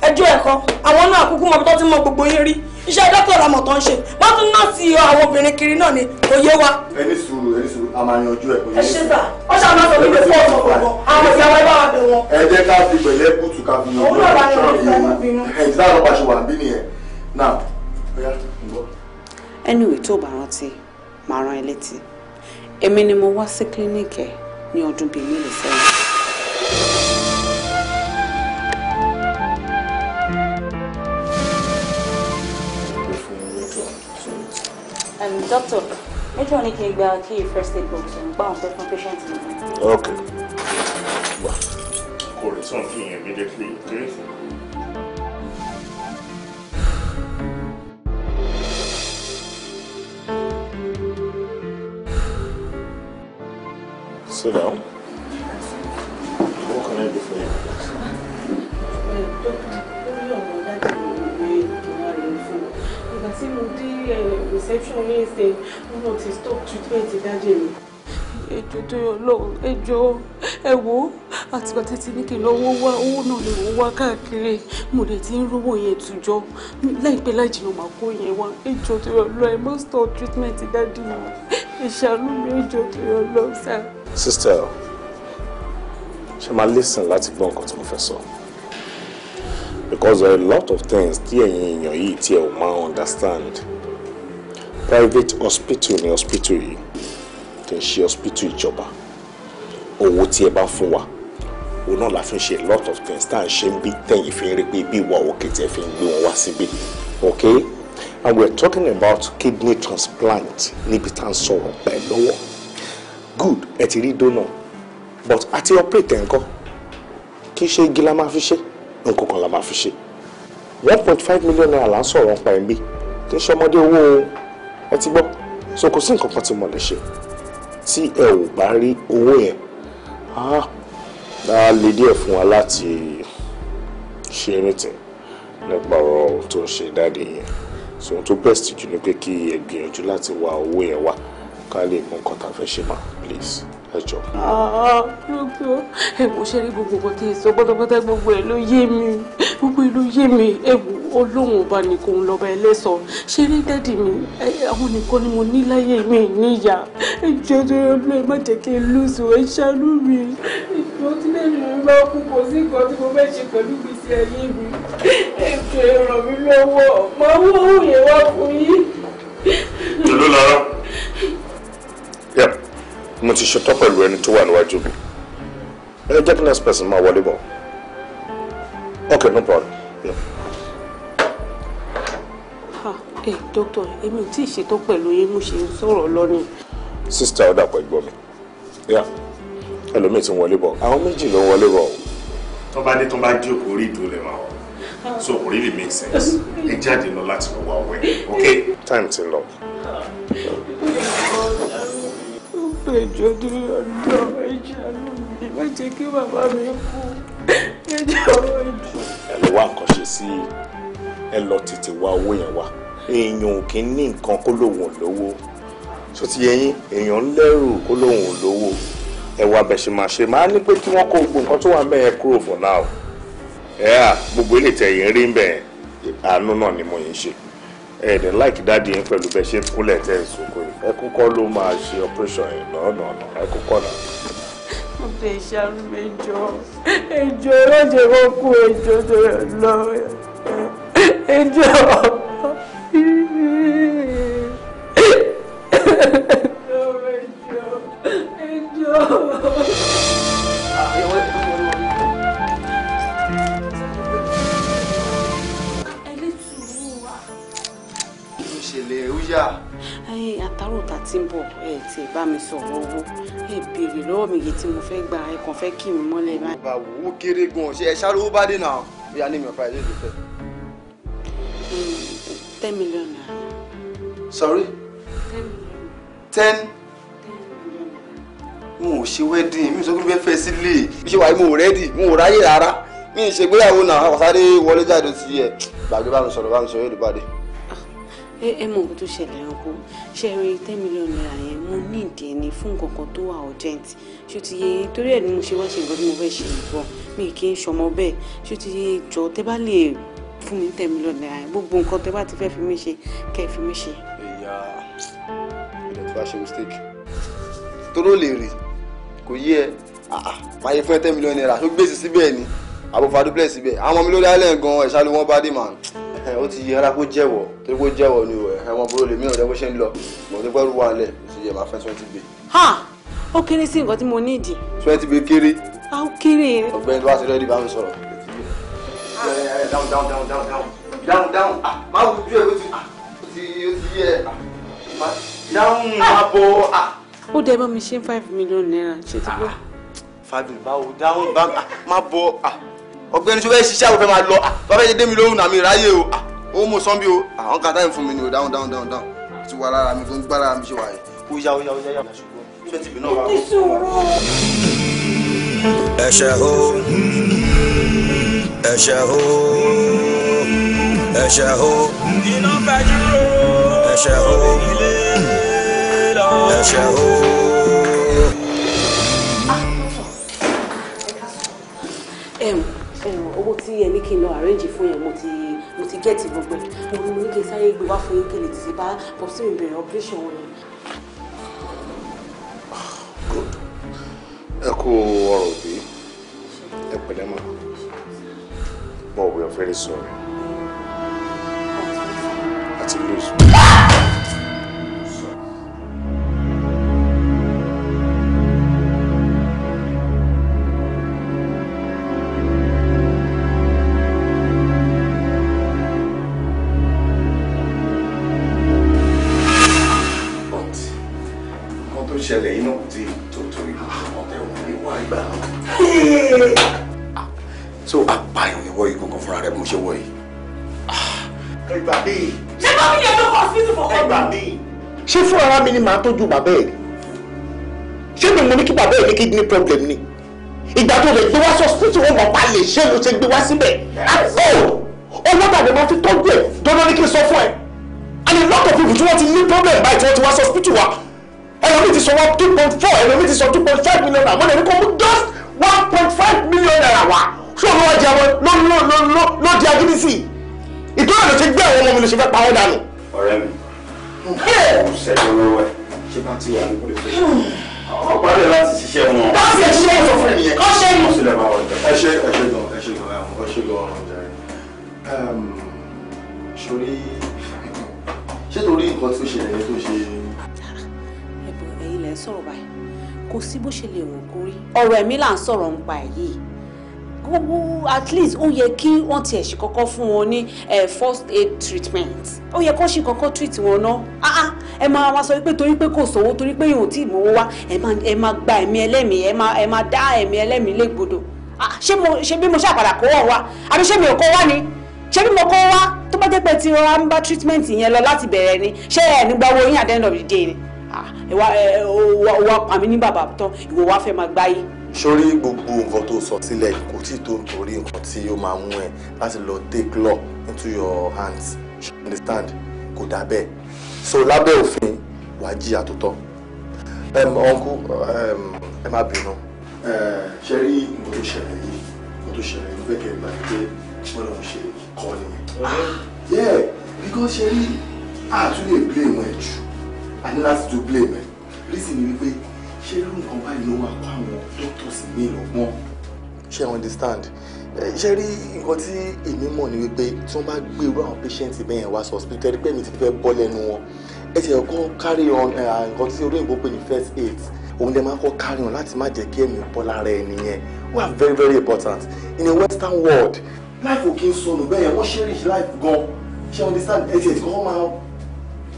ẹjọ́ ẹ̀kọ́ àwọn náà kúkú mọ tó ti mọ gbogbo yín rí iṣẹ́ dókítà làmọ̀ tó ń ṣe wọ́n tún náà sí àwọn obìnrin kiri náà ni kò yé wa. ẹni sùúrù ẹni sùúrù a máa yanjú ẹ kò yé. ẹ ṣe sà ó ṣáà máa sọ wípé fóònù ọgbọgbọ àwọn ìyá wa bá wà bẹ wọn. ẹ jẹ́ ká fi pẹ̀lẹ́ kùtù ká fi yanjú ẹ anyway tó bá rántí màá rán ẹ létí èmi ni mo wá sí kílíníkì ẹ Um, doctor, make one can gba kí first aid box and gba on for patient. Okay. Kò rí something immediately, please. Sit down. What can I do for you? Doctor, ó yọ̀ wọ́n láti ìwé ìdùnnú rẹ̀ fún reception tó yọ lọhùn ẹjọ ẹ wo àtìgbà tẹ́tí ní kí n wá owó náà lè wá káàkiri mo dẹ̀ ti ń rówó yẹn tùjọ láìpẹ́ láì jìnnà màá kó yẹn wá ẹjọ tó yọ lọ ẹ mọ́ stop treatment dájú e mi ìṣàánú mi ẹjọ tó yọ lọ sá. sister ṣe máa listen láti gbọ́ nǹkan tí mo fẹ́ sọ. because there are a lot of things tí ẹ̀yin èèyàn yìí tí ẹ ò máa understand private hospital ni hospital yìí kì í ṣe hospital ìjọba owó tí ẹ bá fún wa òun náà la fi ń ṣe a lot of things tá à ń ṣe ń bí tẹ̀yìn fi ń rí pé bí ìwà òkè tẹ̀ fi ń gbé wọn wá síbí okay and we are talking about kidney transplant níbi tá à ń sọ̀rọ̀ pẹ̀ lọ́wọ́ good ẹ ti rí donor but àti operate ẹ̀ ń kọ́ kì í ṣe igi la máa fi ṣe nǹkan kan la máa fi ṣe one point five million naira là ń sọ̀rọ̀ nípa ẹ̀ ń bí kì í ṣe ọmọdé owó o ẹ ti gbọ́ so kò sí nǹkan kan tí mo lè ṣe tí ẹ ò bá rí owó yẹn á lè díẹ̀ fún wa láti ṣe anything nípa ọ̀rọ̀ tó ń ṣe dáàdi yẹn so ohun tó best jù ni pé kí ẹ gbìyànjú láti wá owó yẹn wá ká lè mú nǹkan tá a fẹ́ ṣe mà please ẹ jọ. gbogbo ah, ẹ wò ṣe rí gbogbo nǹkan tí ẹ sọ pátápátá gbogbo ẹ ló yé mi gbogbo ẹ ló yé mi ẹ wò Ọlọ́run ọba nìkan lọ́ba ẹlẹ́sọ̀ ṣe rí dádì mi àwọn nìkan ni mo ní láyé mi níyà ẹ jọ tó yẹ ẹ má jẹ́ kí n lùsùn ẹ ṣàánú mi. ìjọ tí lẹ́nu mi bá kú kò sí nǹkan tí mo fẹ́ ṣe pẹ̀lú gbèsè ayé mi ètò ìrànmí lọ́wọ́ máa wọ́wọ́ yẹn wá fún yín. ìlú lára mo ti ṣetán pẹ̀lú ẹni tó wà níwájú mi ẹ jẹ́ kí next person máa wọlé bọ̀ ok no problem. Yeah. ha ẹ eh, dókítà èmi ò tí ì ṣetán pẹ̀lú yín mo ṣe ń sọ̀rọ̀ lọ́nà. sísítà ọ̀dà pẹ̀ gbọ́ mi ẹlòmíì ti ń wọlé bọ̀ àwọn méjì ló ń wọlé bọ̀. tó bá dé tó bá jí òkú orí ìdúró lè máa wọ so kò really make sense ẹ jáde lọ láti lọ wá wẹ ok. time ti lọ tó ìjọ dúró lọ́dọ̀ ẹ̀jẹ̀ àlùmí má jẹ́ kí bàbá mi kú ẹ̀jẹ̀ ọ̀rọ̀ ìjọ. ẹ lọ wá nǹkan ṣe sí ẹ lọ tètè wá owó yẹn wá èèyàn ò kí ń ní nǹkan kó lòun ò lówó tó ti yẹ yín èèyàn ń lẹ́rù kó lòun ò lówó ẹ wá bẹ̀ ṣe máa ṣe máa ní pé kí wọ́n kó gbogbo nǹkan tó wà mẹ́ẹ̀ kúrò for now ẹ̀ à gbogbo ilé ìtẹ̀yìn rí ń àánú náà ni mo yẹn ń ṣe ẹ dẹ̀ láìkí dáàdi yín pẹ̀lú bẹ́ẹ̀ ṣe ń kúnlẹ̀ tẹ́ ẹ̀ sunkún yìí ẹkún kọ́ ló máa ṣe operation yìí lọ́nà ọ̀nà ẹkún kọ́ náà. mo tẹ ìṣàrù ẹjọ ẹjọ ẹjọ kó kú ẹjọ tó lọ ẹjọ. ẹjọ ẹjọ. yá. àtàrò ta ti ń bọ̀ ẹ ti bá mi sọ̀rọ̀ owó ẹ béèrè lọ́wọ́ mi yìí tí mo fẹ́ gbà ẹ kàn fẹ́ kí mi mọ́lẹ̀ báyìí. bá wo kéré gan ṣe ẹ ṣáré bá dé náà bóyá ní mi ò fàyè lè ten million naira. sorry. ten mo ò ṣe wedding mi sọ pé mo fẹ́ sílé mi ṣe wà mo ò rẹ́dì mo ò ráyè rárá mi ì ṣègbéyàwó náà àwọn sáré wọlé jáde ti ẹ̀ gbàgbé bá mi sọ̀rọ̀ bá mi sọ̀rọ̀ èdè bá dé ẹ mọ nǹkan tó ṣẹlẹ̀ ọkọ ṣe eré ten million naira yẹn mo ní ìdí ẹni fún nǹkan kan tó wà urgent ṣó ti yẹ torí ẹ̀ ni mo ṣe wá ṣe nǹkan tí mo fẹ́ ṣe ìbọn mi kì í ṣọmọ bẹ́ẹ̀ ṣó ti yẹ jọ tẹ bá lè fún mi ten million naira yẹn gbogbo nǹkan tẹ bá ti fẹ́ fi mí ṣe kẹ́ ẹ fi mí ṣe. ìyá ìdẹ̀ tí wàá ṣe mistake tóró lè rè kò yé ẹ ah, ah, máa yẹ fún ẹ ten million naira tó gbèsè síbẹ̀ ni àbòfà dúpẹ́ síbẹ̀ àwọn ọmọ mi lórí alẹ́ gan ẹ̀ṣá ló wọ́n bá dé màá ó ti yẹra kó jẹ́wọ́ torí kó jẹ́wọ́ ni ẹ̀wọ̀n burú lèmi náà lẹ́gbẹ́ ṣe ń lọ mo ti gbẹ́rù wà lẹ̀ ó ti yẹ máa fẹ́ twenty bay. ó kéré sí nǹkan tí mo ní ìdí. twenty bay kéré. a ó kéré. ọ̀gbẹ́ni wá sí rẹ́ẹ̀dì bá mi sọ̀rọ̀. Ah. down down down down down down down máa wù bí ẹ ah, ó ti ó ti yẹ ah, down máa ó dẹ bá mi ṣe five million naira ṣe five million báwo down bá máa bọ̀ ọ̀gbẹ́ni tó fẹ́ ṣiṣẹ́ àwọn fẹ́ máa lọ tó fẹ́ ṣe dé mi lóhùn àmì ìráyè o ah, ó mú sọ́nbí o ah, àwọn kan táyì fún mi ni o dáhùn dáhùn dáhùn dáhùn ti wà lára mi tó ń gbára mi ṣe wà yìí. ó yá ó yá ó yá yá ṣùgbọ́n twenty bi náà wà. ẹ̀ṣẹ̀ o ẹ̀ṣẹ̀ o ẹ̀ṣẹ̀ o iná kájú o ẹ̀ṣẹ̀ o ẹ̀ṣẹ̀ o. Ah, owó tí ẹ ní kí lọ arrange fún yẹn mo ti mo ti gẹ́ẹ̀tì gbogbo ẹ̀ mo ní kí n sáré gbé wá fún yín kí lè tètè bá popsi mi bẹ̀rẹ̀ operation wọn ẹ kú ọ̀rọ̀ òbí ẹ pẹ̀lẹ́ mọ́ but we are very sorry àti lose. bàbá mi ni màá tọ́jú bàbá ẹ̀ ṣé mi mo ní kí bàbá ẹ̀ ní kidney problem ni ìgbà tó lè gbé wá sọ sí ìwọ̀n bàbá lè ṣe ló ṣe gbé wá síbẹ̀ àtọ́ ọlọ́dàdé máa fi tọ́jú ẹ̀ dandan ní kí n sọ fún ẹ and a lot of people tí wọ́n ti ní problem báyìí tí wọ́n ti wá sọ hospital wa ẹlòmíì ti sọ wá two point four ẹlòmíì ti sọ two point five million naira wọ́n lè ní mú just one point five million naira wá ṣé òun wá jẹ àwọn ló ló ló ló di agídí sí i ìtọ́jú ló ṣe gbé àwọn ọmọ mi ló ṣe fẹ́ pa ọ́ dànù. ọ̀rẹ́ mi ṣẹjọ lọ́wọ́ ẹ ṣé bá ti wà ní kúlẹ fẹ ọ gbàdé láti ṣiṣẹ́ wọn. láti ẹ ṣiṣẹ́ ìtọ fún ẹnìyẹn kọ ṣe é. wọn sì lè máa wọjọ ẹ ṣe ẹ ṣe gan ẹ ṣe gan ẹ ṣe gan ọ̀rọ̀ jàre. sori ṣé torí nǹkan tó ṣẹlẹ̀ yẹn tó ṣe. ẹ̀bùn ẹ̀yin lẹ ń sọ̀rọ̀ báyìí kò sí bó ṣe lè wọ̀n kórí ọ̀rọ̀ ẹ̀mí là ń sọ̀rọ̀ ń pa èyí gbogbo at least ó yẹ kí wọ́n tiẹ̀ ṣì kọ́kọ́ fún wọn ní first aid treatment ó yẹ kó ṣì kọ́kọ́ treat wọn náà ah, ah, ẹ máa wá sọ wípé torí pé kò sówó torí pé ìhùn tí ìmọ̀wó wá ẹ máa gba ẹ̀mí ẹlẹ́mìí ẹ máa dá ẹ̀mí ẹlẹ́mìí légbodò ah, ṣé bí mo ṣàpàdà kó wọ̀ wá àbí ṣé mi ò kó wá ni ṣé bí mo kó wá tó bá jẹ́ pé tí wọ́n á ń bá treatment yẹn lọ láti bẹ̀rẹ̀ ni ṣé ẹ̀ nígbà wo yín at the end of the day ni ìwà àmì ní bàbá tán ìwọ wá fẹ́ máa gbáyé sórí gbogbo nǹkan tó sọ sílẹ̀ kò tí tó nítorí nǹkan tí ó máa mú ẹ láti lọ take law into your hands you understand kò dá bẹ́ẹ̀ so lábẹ́ òfin wàá jìyà tó tọ́ uncle ẹ má bínú. ṣe rí nǹkan tó ṣẹlẹ̀ yìí nǹkan tó ṣẹlẹ̀ yìí gbẹ́kẹ̀ gbà pé wọ́n lọ ṣe kọ́ nìyẹn. yeah because ṣe rí àtúnyẹ̀ blame ẹ̀ jù àní láti tún blame ẹ̀ reason ni wípé ṣé irú nǹkan báyìí ló wà kó àwọn doctors ní ìlọ́gbọ́n. ṣé understand ṣe rí nǹkan tí èmi mọ̀ ni wípé tí wọ́n bá gbé irú àwọn patient bẹ́ẹ̀ yẹn wá sí hospital ẹ̀rí pé mi ti fẹ́ bọ́ lẹ́nu wọn ẹ ti ẹ̀kọ́ carry on nǹkan tí olóyìnbó pè ní first aid òun dẹ̀ máa kọ́ carry on láti má jẹ́ kí ẹ̀mí bọ́ lára ẹni yẹn wà very very important in a western world life ò kí ń sọnù bẹ́ẹ̀ yẹn wọ́n ṣe rich life gan ṣe understand ẹ ti ẹ̀kọ́ máa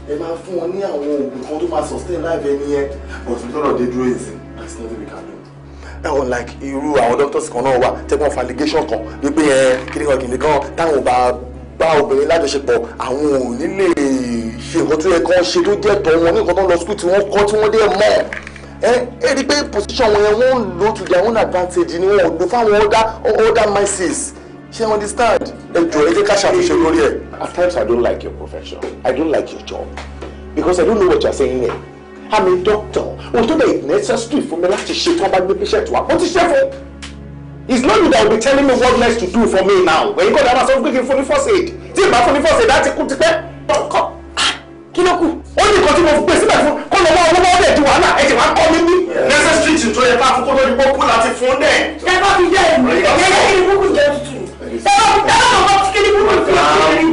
ẹ máa fún wọn ní àwọn oògùn kan tó máa sustain life ẹni yẹn but n tọrọ dé dúró ìsìn we not the kind ẹ wọn like irú àwọn doctors kan náà wà tẹ́gbọ́n fa allegation kan wípé ẹ kíni kan kìnìún kan táwọn bá bá obìnrin lájọṣepọ̀ àwọn ò ní lè ṣe nǹkan tó yẹ kán ṣe tó jẹ́ tọ́ wọn ní nǹkan tó ń lọ school tí wọ́n kọ́ tí wọ́n dé mọ́ ẹ ẹ rí i pé position wọn yẹn wọ́n ń lò to their own advantage ni wọ́n ò lò fáwọn other other minds ṣé wọ́n understand ẹ jọ ẹ jẹ́ ká ṣàtúnṣe lórí ẹ̀. at times i don't like your profession i don't like your job because i don't know what you are saying here i'm a doctor ohun tó dẹ̀ necessary fún mi láti ṣe tí wọ́n bá gbé patient wa mo ti ṣe fún it's not you that will be telling me what next to do for me now when you go down myself gbégé fún ní first aid tí ìbá fún ní first aid láti kú ti pẹ́ kọ́ ah, kí ló kù ó ní nǹkan tí mo gbé sílẹ̀ fún kó lọ́wọ́ ọlọ́wọ́ ọ̀dẹ̀ di wàhálà ẹ ti wá kọ́ mi ní. necessary to tó yẹ ká fún kó lórí pọ́pọ́ láti fún dẹ̀. ẹ bá fi jẹ́ ẹ̀mí ẹ̀yẹ́ kí ni kúkú jẹ́ tuntun ọmọ kíkiri burúkú ti wá sí ẹni.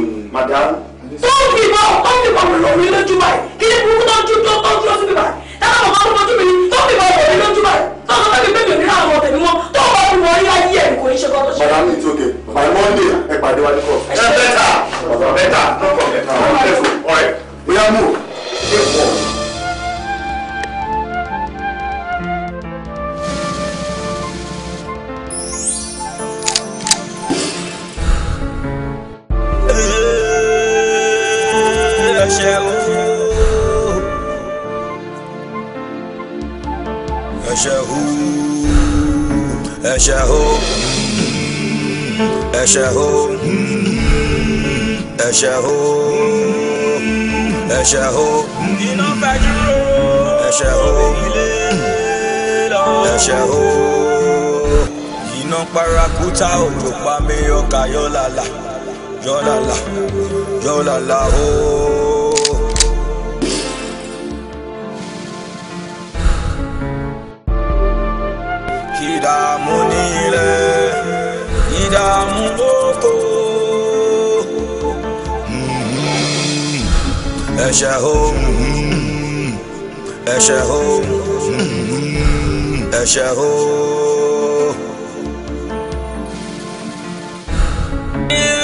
tó ń fi ìbọn tó ń fi ìbọn wọlé omi lójú báyìí kíkiri burúkú tó ń ju tó ń dúró síbi báyìí táwọn ọmọ tó mọjú mi ni tó ń fi ìbọn wọlé lójú báyìí tó by monday ẹ pàdé wa ní kọ. ẹ bẹ́tà bẹ́tà no problem. all right. ẹ̀ṣẹ̀ o. ẹ̀ṣẹ̀ o ẹ̀ṣẹ̀ o ẹ̀ṣẹ̀ o ẹ̀ṣẹ̀ o ẹ̀ṣẹ̀ o. iná fẹ́ dúró parakuta òjò pa mi ọkà yọ lálá yọ lálá yọ lálá ooo. ìdààmú nílẹ̀ ìdààmú oko. Mm-hmm. ẹ̀ṣẹ̀ o mm-hmm. ẹ̀ṣẹ̀ o mm-hmm. ẹ̀ṣẹ̀ o. Yeah.